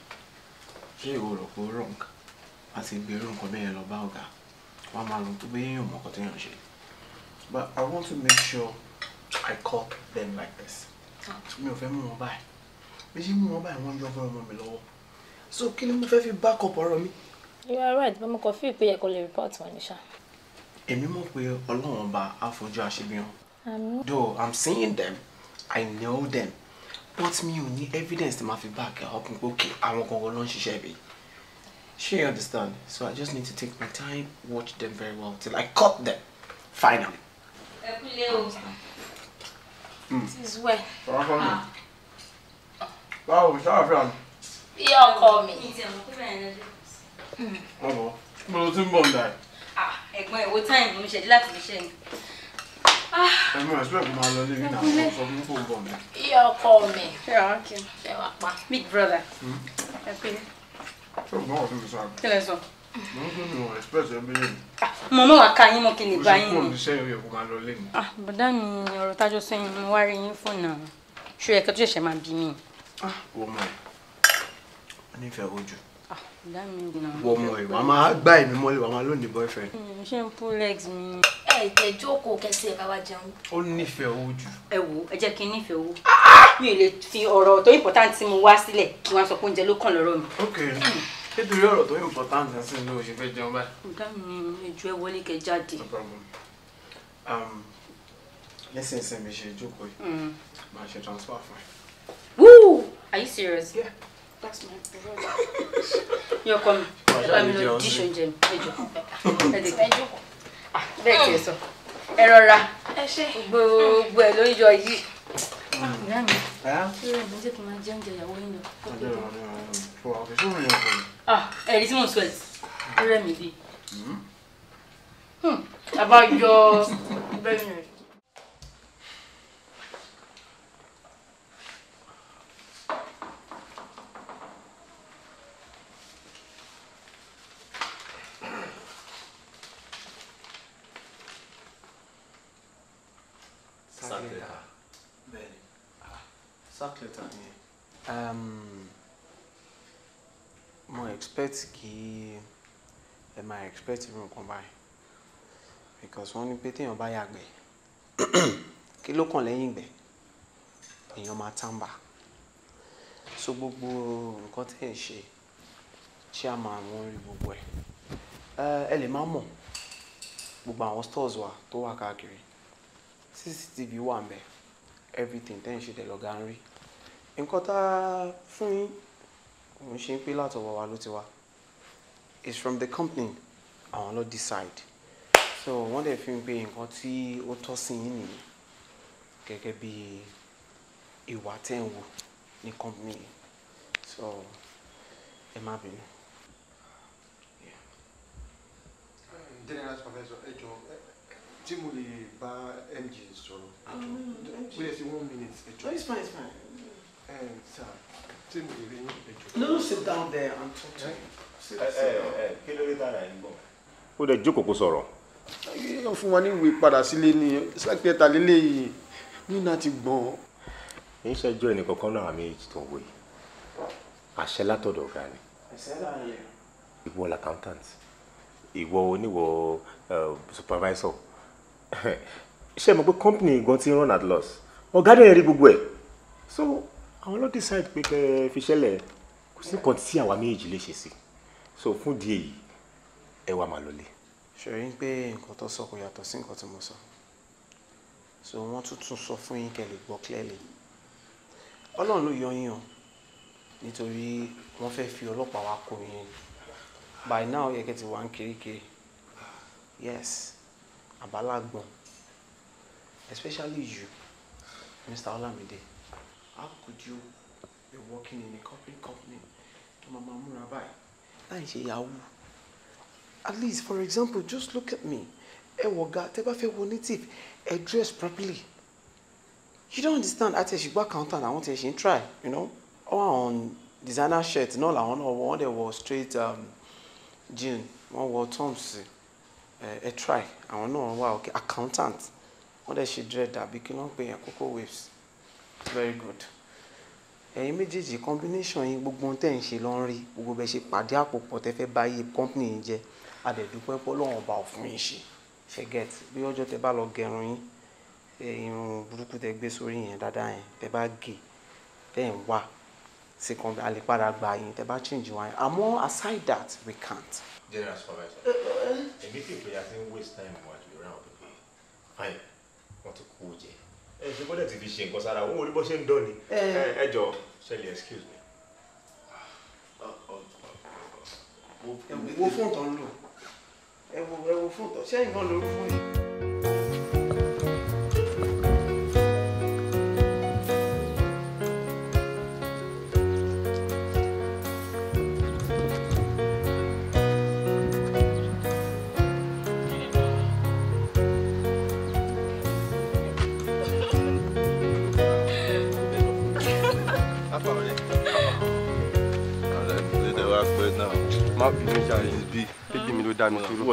ṣé ìwọ rò pé wrong àti gbèrú nǹkan bẹ́ẹ̀ lọ bá ọ̀gá wà á máa lọ tó bẹ́ẹ̀ yàn mọ́ ọkọ̀ tó yàn ṣe but I want to make sure I call them like this mi ò fẹ́ mú wọn báyìí bí ṣe mú wọn báyìí wọ́n yọ ọmọ mi lọ́wọ́ so kí ni mo fẹ́ fi back up ọ̀rọ̀ mi you are right bá mo kàn fún ìpè yẹ kó lè report wọn ní ṣá. èmi mọ̀ pé ọlọ́run ọba àfojú àṣebí hàn. though i'm seeing them i know them but mi ò ní evidence tí ma fi back up n pé àwọn kankan ló ń ṣiṣẹ́ bí. Sure, understand. So I just need to take my time, watch them very well till I caught them. Finally. Mm. This is where. Wow, we saw everyone. Y'all call me ọmọ mo ló tún bọ̀ ń dà ẹ̀. ẹ̀gbọ́n ẹ̀ wo táìmù mi ṣẹ̀dí láti fi ṣe ni. Ah. ẹ̀mí rẹ̀ síbẹ̀ kó máa lọ ní ìrìnà àwọn sọ fún fóun bọ̀ mi. iye ọkọ mi ṣe wà pa. big brother hmm? ẹ pé. ṣé o gbọ́n wọ́n fún mi sọ àgbẹ̀. kílẹ̀ sọ. mo ń gbé mi wọn express ẹ bí lẹ́nu. Ah, mo mọ̀ wá ká yín mo kì í lè bá yín ni. o sì kúrò níṣẹ́ ìwé kó máa lọ lẹ́nu. Ah, bọ̀dá mi ọ̀rọ̀ tájọ́ sẹ́yìn mo wá rí yín fún náà ṣó yẹ tó ṣẹ̀ṣẹ̀ máa bí mi. wọ́n mọ̀ wọ́n mọ̀ ẹ̀ wọ́n máa gbá ẹ̀mí mọ́lẹ̀ wọ́n máa lónìí boyfriend. Hmm, ṣé n pull legs mi ni. ẹ ìtẹ jókòó kẹsí ẹ bá wa jẹun. ó nífẹ̀ẹ́ owó jù. ẹ wo ah, ah! important tí mo wá sílẹ̀ kí wọ́n sọ pé oúnjẹ ló kàn lọ́rọ̀ mi. ok nítorí ọ̀rọ̀ tó important ẹ̀ sì ni o ṣe fẹ́ jẹun báyìí. ọ̀gá mi ẹjọ́ ẹ um, hmm. are you serious. Yeah. That's my brother. You're coming. Ẹ̀bá mi lọ dish oúnjẹ mi. Ẹjọ́. Ẹjọ́. Bẹ́ẹ̀ tiẹ̀ sọ. Ẹ rọra. Ẹ ṣe. Gbogbo ẹ̀ ló ń yọ yìí. Ìyá mi. expect kí ẹ máa expect irú nǹkan báyìí because wọ́n ní pé téèyàn bá yàgbẹ́ kí ló kàn lẹ́yìn ìgbẹ́ èèyàn máa tàǹbà so gbogbo nǹkan tẹ̀ ń ṣe ṣé a máa wọ́n rí gbogbo ẹ̀ eh, ẹ lè má mọ̀ gbogbo àwọn stores wa tó wà káàkiri cctv wà ń bẹ everything tẹ̀ ń ṣe tẹ̀ lọ́gà ń rí nǹkan tá a fún yín mo ṣe ń pé látọwọ́ wa ló ti wá it's from the company àwọn ló decide so wọ́n dẹ̀ fi ń pe nǹkan tí ó tọ́ sí yín nìyí gẹ́gẹ́ bí ìwà tẹ́ ń wò ní company yìí so ẹ má bínú. general supervisor ẹ jọ tí mo lè bá mg sọ̀rọ̀ ẹ oh, sí one minute ẹ jọ. Oh, it's fine it's fine. No, sit down there and talk to him. Eh, eh, eh, kí ló rí tààrà ẹ̀ ń gbọ̀n? Ó dẹ̀ jókòó kó sọ̀rọ̀. Yóò fún wa ní ìwé padà sílé ni sẹ́kítẹ́tà lílé yìí ní láti gbọ̀n. Ní ìṣẹ́jú ẹnì kankan náà àmì èjì tó ń wé. Àṣẹ látọ̀dọ̀ ọ̀gá ni. Ìwọ l'accountant, ìwọ oníwọ̀ supervisor. Ṣé mo pé company gan ti run at loss? Ọ̀gá dẹ̀ rí gbogbo ẹ̀. So àwọn ló decide pé kẹ́ ẹ fi ṣẹlẹ̀ kò sí nǹkan tí àwa méjì lè ṣe sí so fún di èyí ẹ wá máa lọlé. ṣòyìn pé nǹkan tó sọ kò yàtọ̀ sí nǹkan tí mo sọ so wọ́n tún tún sọ fún yín kẹ́ gbọ́ clearly ọlọ́run ló yọ yín o nítorí wọ́n fẹ́ fi ọlọ́pàá wa kó yín by now yẹ kẹ́ ti wá ń kirikiri yes àbálàgbọ̀n especially you Mr. Olamide how could you be working in a corporate company tó máa máa múra báyìí láì ṣe yahoo at least for example just look at me A woga, ga fe bá native ẹ dress properly you don't understand àti ẹ̀ṣìgbà accountant àwọn tí ẹ ṣe ń try you know all on designer shirt No, I náà wọ́n dẹ̀ wọ straight um, jean wọ́n wọ toms ẹ try àwọn náà Wow. Okay. accountant What does she dread that? Because ló ń pè waves very good ẹ̀yin méjèèjì combination yín gbogbo ohun tẹ́ ń ṣe ló ń rí gbogbo bẹ́ẹ̀ ṣe pàdé àpòpọ̀ tẹ́ fẹ́ báyé company yín jẹ́ adẹ̀dúpẹ́ pọ́ lọ́wọ́n ọba òfin yín ṣe ṣe get bí ọjọ́ tẹ́ bá lọ gẹrun yín irun burúkú tẹ́ gbé sórí yẹn dáadáa yẹn tẹ́ bá gé tẹ́ ń wá sí kan a lè padà gbà yín tẹ́ bá change wá yín àmọ́ aside that we can't. general supervisor eh, eh, eh. èmi fi ìpè àti waste time wájú ìran òbí fine wọ́n ti kú jẹ́ ẹ ṣe bọ́dẹ̀ ti fi ṣe nǹkan sára òun ò rí bó ṣe ń dán ni ẹ jọ ṣẹlẹ̀ excuse me. wo fóònù tó lò ẹ wo fóònù tó ṣẹ́yìn náà lórúkọ yìí. má bínú jàre bí kéjì mi ló dá mi dúró.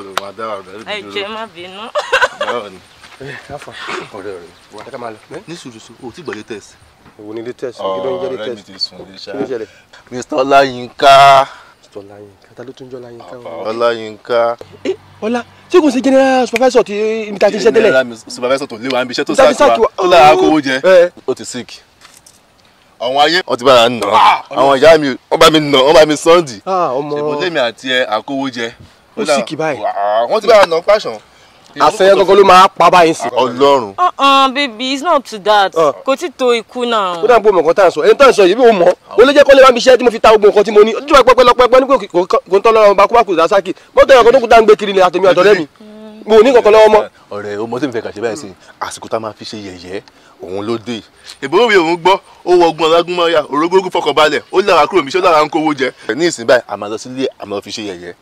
ẹ jẹ́ má bínú. ọ̀rẹ́ rẹ̀ wá ká máa lọ. ní sùúrùsù o ti gbọ́ latest. èwo ni latest kí ló ń jẹ́ latest kí ló ṣẹlẹ̀. Mr. Ọláyínká. Mr. Ọláyínká ta ló tún jọ Ọláyínká. Ọláyínká. ọlá ṣé kò sí general supervisor tí ibi ta ti ṣẹ́ tẹ́lẹ̀. supervisor tó léwu àmì iṣẹ́ tó sáà tó wa ó lára jẹ ó ti sick àwọn ayé wọn ti bára nà ah, àwọn ìyá mi wọn bá mi nà wọn bá mi sọ́ndì ah, ṣèbọn lèmi àti ẹ àkówó jẹ. ó sì kì báyìí. wọn ti bára nà pàṣán. àṣeyẹ gọgọ ló máa pa báyìí sí. Ọlọ́run. Ah, baby it's not to that kò tí tó ikú náà. ó dàbí òmò kan tá à ń sọ ẹni tá à ń sọ yìí bí ó mọ ó lè jẹ́ kó lè bá mi ṣe tí mo fi ta gbogbo nǹkan tí mo ní ojú pẹpẹ lọpẹpẹ ní kò ń tọ́ lọ́rọ̀ bá kúbákù dásàkì mọ́tò ẹ̀kọ́ mi ò ní kankan lọ́wọ́ mọ́. ọ̀rẹ́ o mọ tí mi fẹ́ kà ṣe báyìí sí àsìkò tá a máa fi ṣe yẹ̀yẹ́ òun ló dé. ìbúrò mi òun gbọ́ ó wọ ọgbọ́n ọlágún mọ́ra orógógún fọkànbalẹ̀ ó lára kúrò mi ṣé ó lára ń kówó jẹ. ní ìsìn báyìí a máa lọ sílé a máa fi ṣe yẹ̀yẹ́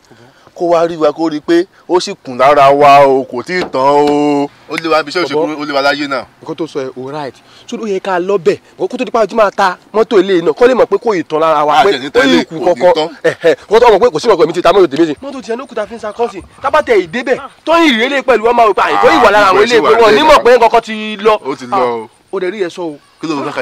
kó wá rí wa kó rí i pé ó sì kùn lára wa o kò tí ì tán o. ó lé wa bí iṣẹ́ òṣèlú ó lé wa láyé náà. nǹkan tó sọ ẹ o right so ó yẹ ká lọ bẹ̀ kó tó di pa ojú máa ta mọ́tò ilé iná kó lè mọ̀ pé kò ì tán lára wa pé ó yẹ kù kọ̀ọ̀kan kó tó mọ̀ pé kò sí ọkọ̀ mi ti ta mọ́tò tèmi mọ́tò tiẹ̀ ní òkúta fi ń sa kọ́ọ̀sì tábà ìdébẹ̀ ah. tó ń ìrèlè pẹ̀lú ọmọ òpá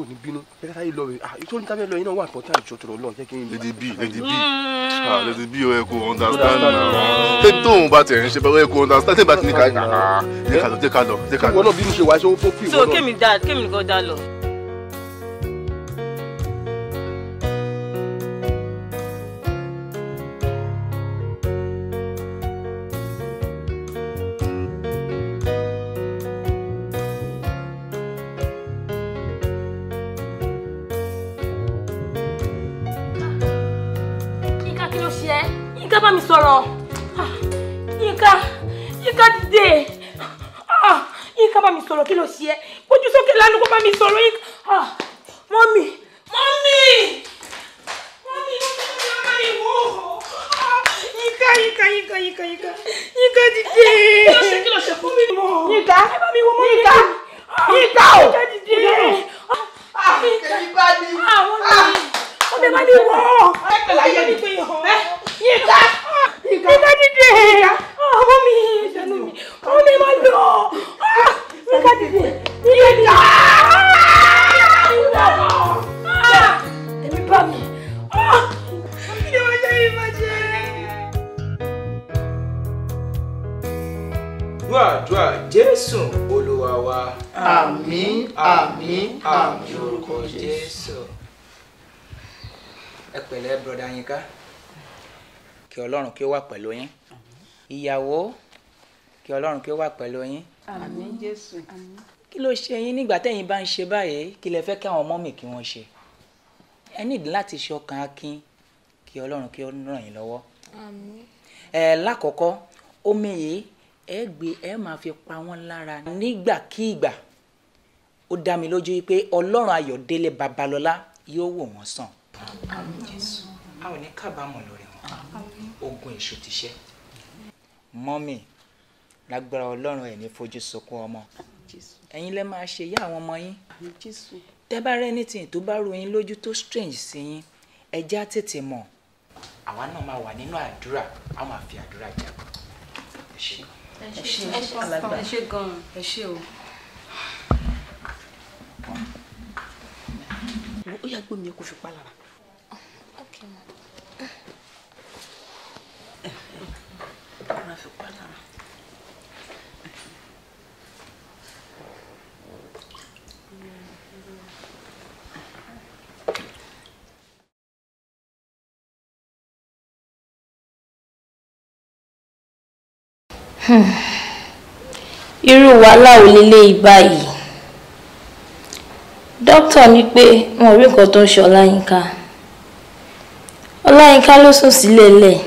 kò ní bínú bẹ́ẹ̀ sáyé lọ rẹ̀ ah ìtòrí tábẹ́ lọ yìí náà wà pọ̀tà ìjọ tọrọ lọ jẹ́ kí n. lady b lady b mm. ah lady b ó yẹ kó understand na tẹ tóun bá tẹ̀ ń ṣe bẹ́ẹ̀ ó yẹ kó understand tẹ̀ bá ti ní ká ah, ní ká lọ tẹ̀ ká lọ tẹ̀ ká lọ. ìwọ náà bí mi ṣe wá ṣe ó fi ìwọ náà. so kémi dá kémi nìkan dá lọ. bá mi sọ̀rọ̀ ah, Yínká Yínká dìde ah, Yínká bá mi sọ̀rọ̀ kí ló ṣe ẹ́ ojú sókè lánàá kó bá mi sọ̀rọ̀ Yínká ah, mọ́mì mọ́mì mọ́mì ló bá mi wò ó Yínká Yínká Yínká Yínká Yínká Yínká dìde kí ló ṣe kí ló ṣe fún mi mọ́ Yínká Yínká Yínká o Yínká dìde Yínká Yínká dìde ó lè má ní wọ́ ọ́ ẹ pẹ̀lú ayé mi ẹ yíká yíká dídè ọmọ mi ìdánù mi ó lè má lọ ah, yíká dídè yíká dídè. pẹ̀lẹ́ broda Yínká kí ọlọ́run kí ó wà pẹ̀lú yín ìyàwó kí ọlọ́run kí ó wà pẹ̀lú yín. àmín jésù. kí ló ṣe yín nígbà tẹ́yìn bá ń ṣe báyìí kí lẹ fẹ́ kí àwọn ọmọ mi kí wọ́n ṣe ẹ nídìí láti ṣe ọkàn akin kí ọlọ́run kí ó ràn yín lọ́wọ́. ẹ lákọ̀ọ́kọ́ omi yìí ẹ gbé ẹ máa fi pa wọ́n lára nígbàkígbà ó dá mi lójú pé ọlọ́run ayọ̀délé babalọ́lá yóò wò wọ́n sàn àmín jésù a ò ní kábàámọ̀ lórí wọn ogun èṣù ti ṣẹ́ mọ́mì lágbára ọlọ́run ẹ̀ ní fojú sunkún ọmọ ẹ̀yin lẹ́ máa ṣe ìyá àwọn ọmọ yín tẹ́ bá rẹ́ ní tìǹ tó bá ro yín lójú tó strange sí yín ẹ já tètè mọ̀ àwa náà máa wà nínú àdúrà a máa fi àdúrà jà ẹ ṣe ẹ ṣe ẹ ṣe gan-an ẹ ṣe o. ó yà gbọ́ mi kò fi pa lára. Ana fi pa lára. irú wàhálà ò lélẹ̀ báyìí dókítà ní pé wọn ò rí nǹkan tó ń ṣe ọláyínká ọláyínká ló sùn sílẹ̀ lẹ́ẹ̀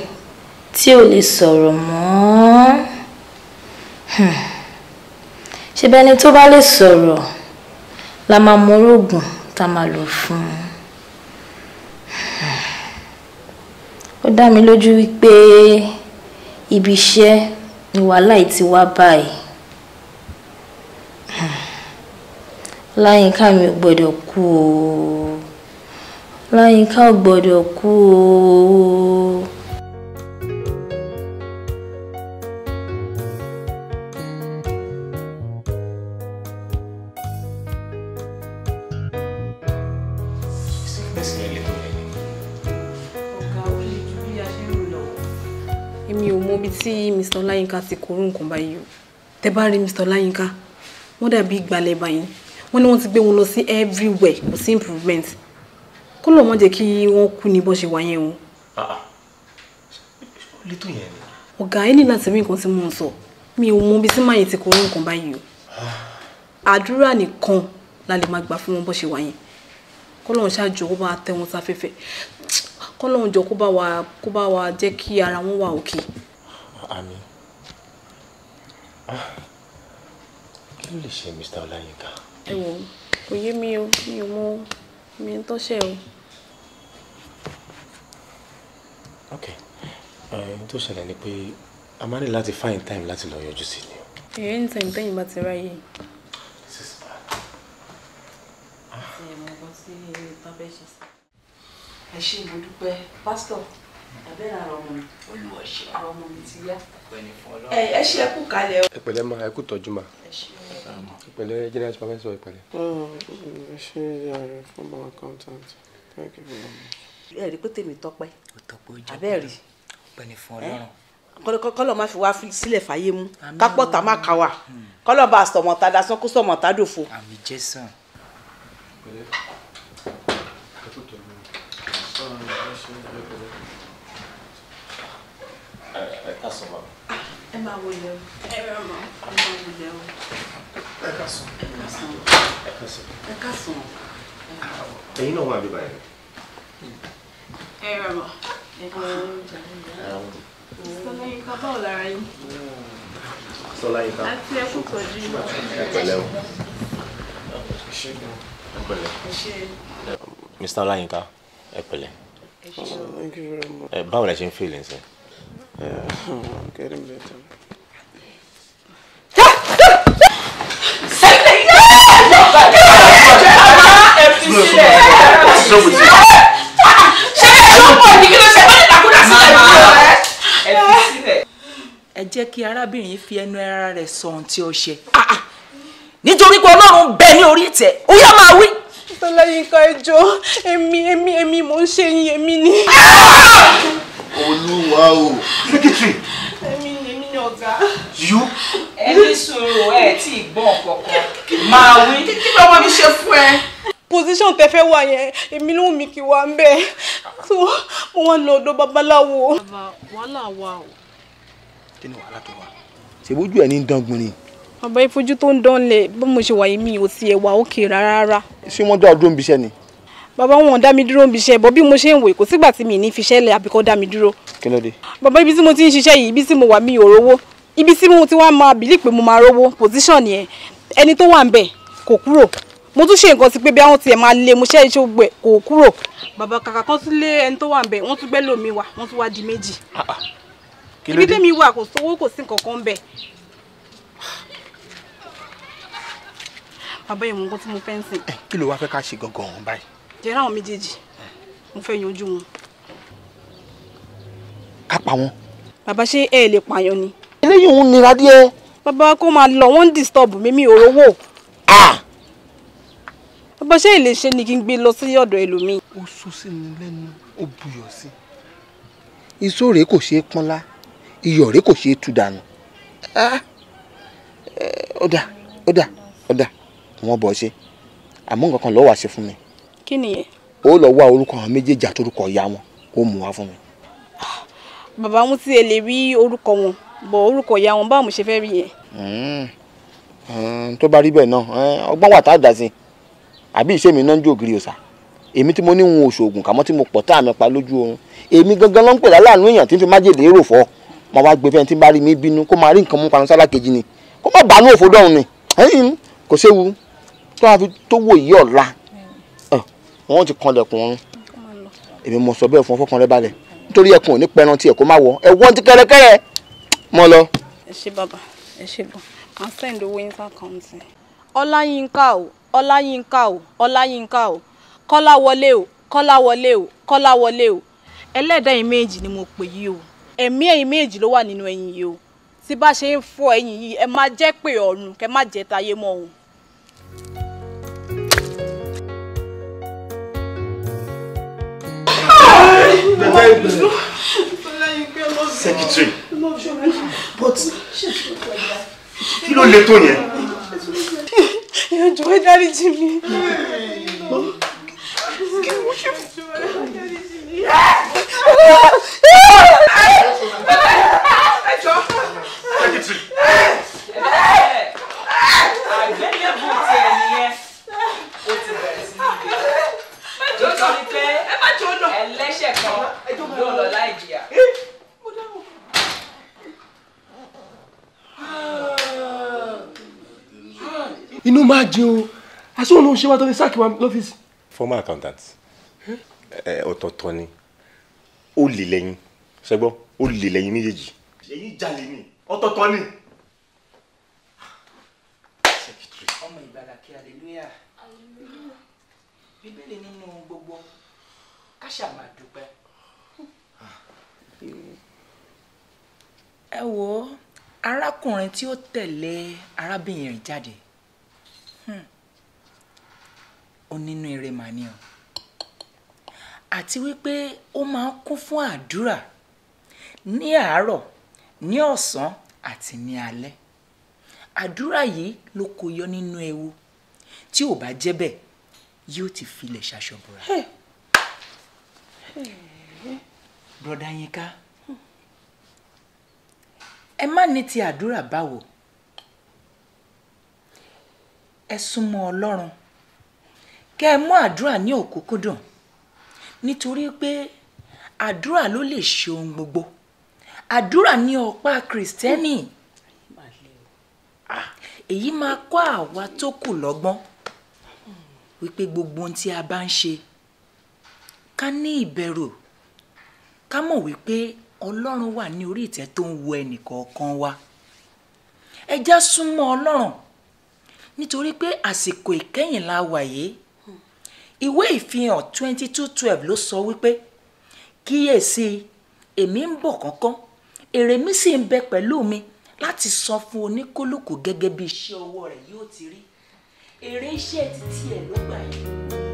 tí ò lè sọ̀rọ̀ mọ́ hmm. ṣe bẹ́ẹ̀ ni tó bá lè sọ̀rọ̀ la máa mọ orógùn tá a máa lò fún un hmm. ó dá mi lójú wípé ibi iṣẹ́ ni wàhálà yìí ti wá báyìí hmm. láyínká mi ò gbọ́dọ̀ kú o láyínká ò gbọ́dọ̀ kú o. ọ́fíìsì mi létò mi. ọ̀gá ò lè ju bí a ṣe ń rò lọ́wọ́. èmi ò mọ ibi tí Mr. Ọláyínká ti kóró nǹkan báyìí o tẹ bá rí Mr. Ọláyínká wọ́n dàbí ìgbàlẹ̀ báyìí wọ́n ní wọ́n ti gbé wọn lọ sí everywhere kò sí improvement kó lọ́ọ́ má jẹ́ kí wọ́n kú ní bọ́ ṣe wà yẹn o. Ah, ah. létò yẹn ni. ọ̀gá ẹ ní láti rí nǹkan tí mò ń sọ mi ò mọ ibi tí màyìn ti kóró nǹkan báyìí o ah. àdúrà nìkan la lè máa gbà fún wọn bó ṣe wà yẹn kọ́lọ́run ṣáàjò kó bá wa tẹ́ wọn sáfẹ́fẹ́ kọ́lọ́run jọ kó bá wa kó bá wa jẹ́ kí ara wọn wà òkè. àmín ah, kí ló lè ṣe Mr. Ọláyínká. ẹ wò kò yé mi o mi ò mọ mi ń tọ́ṣẹ̀ o. ok ohun tó ṣẹlẹ̀ ni pé a máa ní láti find time láti lọ yọjú sí ni. ẹ̀yẹ́ ní time tẹ́yìn bá ti ráyè. máa bẹ́ ṣe sí. ẹ ṣe mo dúpẹ́ pásítọ̀ abẹ́rẹ́ ara ọmọ mi olùwọ̀ ṣe ara ọmọ mi ti yá. ẹ ṣe ẹ kú kalẹ̀ o. ẹ pẹ̀lẹ́ ma ẹ kú tọ́jú ma ẹ pẹ̀lẹ́ general supervisor ẹ pẹ̀lẹ́. Ah, ẹ ṣe yàrá fún my accountant thank you very much. ẹ rí pé tèmi tọpẹ́ abẹ́rẹ́ ọpẹ́ ni fún Ọlọ́run kọlọ máa fi wá sílẹ̀ fàyè mú kápọ̀ tá má kà wá hmm. kọlọ bá sọmọta dasán kó sọmọta dòfo. àmì jésù. ẹ ká sọ ma. ẹ máa wọlé o ẹ máa wọlé o. ẹ ká sọ. ẹ ká sọ. ẹ ká sọ. ẹ ká sọ. ẹyin náà wà bí báyìí. ẹ rẹ mọ ẹ kọ ẹ ń jà ní ìyá. sọlá yín ká báwo lára yín. sọlá yín ká. àti ẹkú tọ́jú yín. ẹ pẹ̀lẹ́ o. ẹ pẹ̀lẹ́. mr ọláyínká ẹ pẹ̀lẹ́. Oh, thank you very much. ẹ eh, báwo la ṣe ń feel nsẹ. kẹrin mi lè tẹ. ẹ jẹ́ kí arábìnrin yìí fi ẹnu ara rẹ̀ sọ ohun tí ó ṣe ah, ah. nítorí pé ọlọ́run bẹ ní orí ìtẹ́ ó yá máa wí. Ọláyínká ẹjọ́ èmi èmi èmi mò ń ṣe yín èmi ni. Olúwa o. Secretary. Èmi ni èmi ni ọ̀gá. Yú. Ẹni sùúrù ẹ̀ tí ì gbọ́ kankan. Màá wí. Kí lọ́mọ mi ṣe fún ẹ? position tẹ fẹ́ wà yẹn èmi ló mi kì wá ń bẹ so mo wá lọ ọ̀dọ̀ babaláwo. bàbá wàhálà wà o. kí ni wàhálà tó wà. ṣèbójú ẹ ní dangun ni bàbá ìfojú tó ń dánlẹ̀ bó mo ṣe wà yìí mi ò tiẹ̀ wà òkè rárá. ṣé wọ́n dá dúró níbi iṣẹ́ ni. bàbá wọn ò dá mi dúró níbi iṣẹ́ bọ́ bí mo ṣe ń wò kò sígbà tí mi ní fiṣẹ́ lẹ̀ àbí kó dá mi dúró. kí ló dé. bàbá ibi tí mo ti ń ṣiṣẹ́ yìí ibi tí mo wà mi ò rówó ibi tí mo ti wá máa bìlí pé mo máa rówó pòsíṣàn yẹn ẹni tó wà ń bẹ̀ kò kúrò mo tún ṣe nǹkan sí pé bí àwọn tiẹ̀ máa lé mo iṣẹ́ gbẹ kò kúrò. bàbá kàkà kan tún lé ẹni tó wà ń bẹ̀ wọ́n tún gbẹ́ lómi wà wọ́n tún wá di méjì. Ah, ah. ibi tẹ́mi wà kò sówó kò sí nǹkan kan ń bẹ̀ bàbá ìwọ̀n nǹkan tí mo fẹ́ ń sìn. Eh, kí ló wá fẹ́ ká ṣe gangan ọ̀hún báyìí. jẹ́ ráwọn méjèèjì mo fẹ́ yanjú wọn. ká pa wọn. bàbá ṣé ẹ lè pààyàn ni. eléyìí òun nira díẹ̀. bàbá kó máa lọ wọ́n ń disturb mi mi ò rówó. bàbá ṣé èlé ṣe ni kí n gbé lọ sí ọ̀dọ̀ ẹlòmíì. ó sún sí mi lẹ́nu ó buyọ̀ sí. iṣó rèé kò ṣeé pọ́nlá iyọ̀ rèé kò ṣeé tú dànù. ọ̀dà ah! eh, ọ̀dà ọ̀dà wọ́n bọ̀ ṣe àmọ́ nǹkan kan lọ́ọ́ wá ṣe fún mi. kí nìyẹn. ó lọ wá orúkọ àwọn méjèèjì àtòrúkọ ìyá wọn ó mú wá fún mi. bàbá mo ti lè rí orúkọ wọn bọ̀ orúkọ ìyá wọn báwo mo ṣe fẹ́ rí yẹn. Hmm. Hmm, tó bá rí bẹ́ẹ̀ náà eh, ọgbọ́n wà tá a dà sí i àbí ìṣe mi náà ń jó ògiri òsà èmi tí mo ní ń oṣoògùn kàmọ́ tí mo pọ̀ tá àmì pa lójú oorun èmi gangan ló ń pè láláàánú èèyàn tí ń fi májèlé rò fọ́ mo wá gbé fẹ́ni tí bá rí mi bínú kó máa rí nǹkan mú panu sálá ni kó má bàánú òfò dọ́run ni kò séwu tó a fi tó wò yí ọ̀la hmm. wọ́n ti kanlẹ̀kùn ọ̀run èmi mo sọ bẹ́ẹ̀ fún ọfọ́ kan rẹ balẹ̀ nítorí ẹkùn ò ní pẹran tiẹ̀ kó má wọ ẹ̀wọ́n ti kẹ́rẹ́kẹ́rẹ́ mọ́ lọ. ẹ ṣe bàbá ẹ ṣe bọ à ń send owó yín sàkáǹtì. ọláyínká o ọláyínká o ọláyínká o kọ́láwọlé o kọ́láwọlé o kọ́láwọlé o ẹlẹ́dàá ẹ̀yin méjì ni mo pè yí o ẹ̀mí ẹ̀yin méjì ló wà nínú ẹ̀yin yìí o tí bá ṣe ń fọ ẹ̀yin yìí ẹ má jẹ́ pé ọ̀run kẹ má jẹ́ tayé mọ́ òun. bẹ̀rẹ̀ secretary but kí ló le tó yẹn. ìyànjú ẹ dáríjì mi. secretary. àgbẹ̀yẹ̀ bọ̀. nítorí pé ẹlẹ́ṣẹ̀ kan yóò lọ láì jìyà. inú máa jẹ o aṣọ òun ló ń ṣe wá tó ní sáàkì wa lọ́fíìsì. former accountant ọ̀tọ̀ọ̀tọ̀ ni ó lè lẹ́yìn ṣẹ́gbọ́n ó lè lẹ́yìn méjèèjì. èyí jalè ni ọ̀tọ̀ọ̀tọ̀ ni. ṣàmà dúpẹ́. ẹ wo arákùnrin tí ó tẹ̀lé arábìnrin rẹ̀ jáde hmm. ó nínú eré màá ní o àti wípé ó máa ń kún fún àdúrà ní àárọ̀ ní ọ̀sán àti ní alẹ́ àdúrà yìí ló kó yọ nínú ewu tí ò bá jẹ́ bẹ́ẹ̀ yóò ti filẹ̀ ṣaṣọ Hey broda Yínká ẹ má ní ti àdúrà báwo ẹ súnmọ́ Ọlọ́run kẹ́ ẹ mú àdúrà ní òkúkúdùn nítorí pé àdúrà ló lè ṣe ohun gbogbo àdúrà ní ọ̀pá kìrìsìtẹ́nì ah, èyí máa kọ́ àwa tó kù lọ́gbọ́n wípé gbogbo ohun tí a bá ń ṣe ká ní ìbẹ̀rù ká mọ̀ wípé ọlọ́run wà ní orí ìtẹ́ tó ń wo ẹnìkọ̀ọ̀kan wa ẹ já súnmọ́ ọlọ́run nítorí pé àsìkò ìkẹyìn la wà yìí ìwé ìfihàn twenty two twelve ló sọ wípé kíyèsí èmi ń bọ̀ kánkán èrè mi sì ń bẹ pẹ̀lú mi láti san fún oníkólùkù gẹ́gẹ́ bí iṣẹ́ ọwọ́ rẹ̀ yóò ti rí èrè iṣẹ́ títí ẹ̀ ló gbà yìí.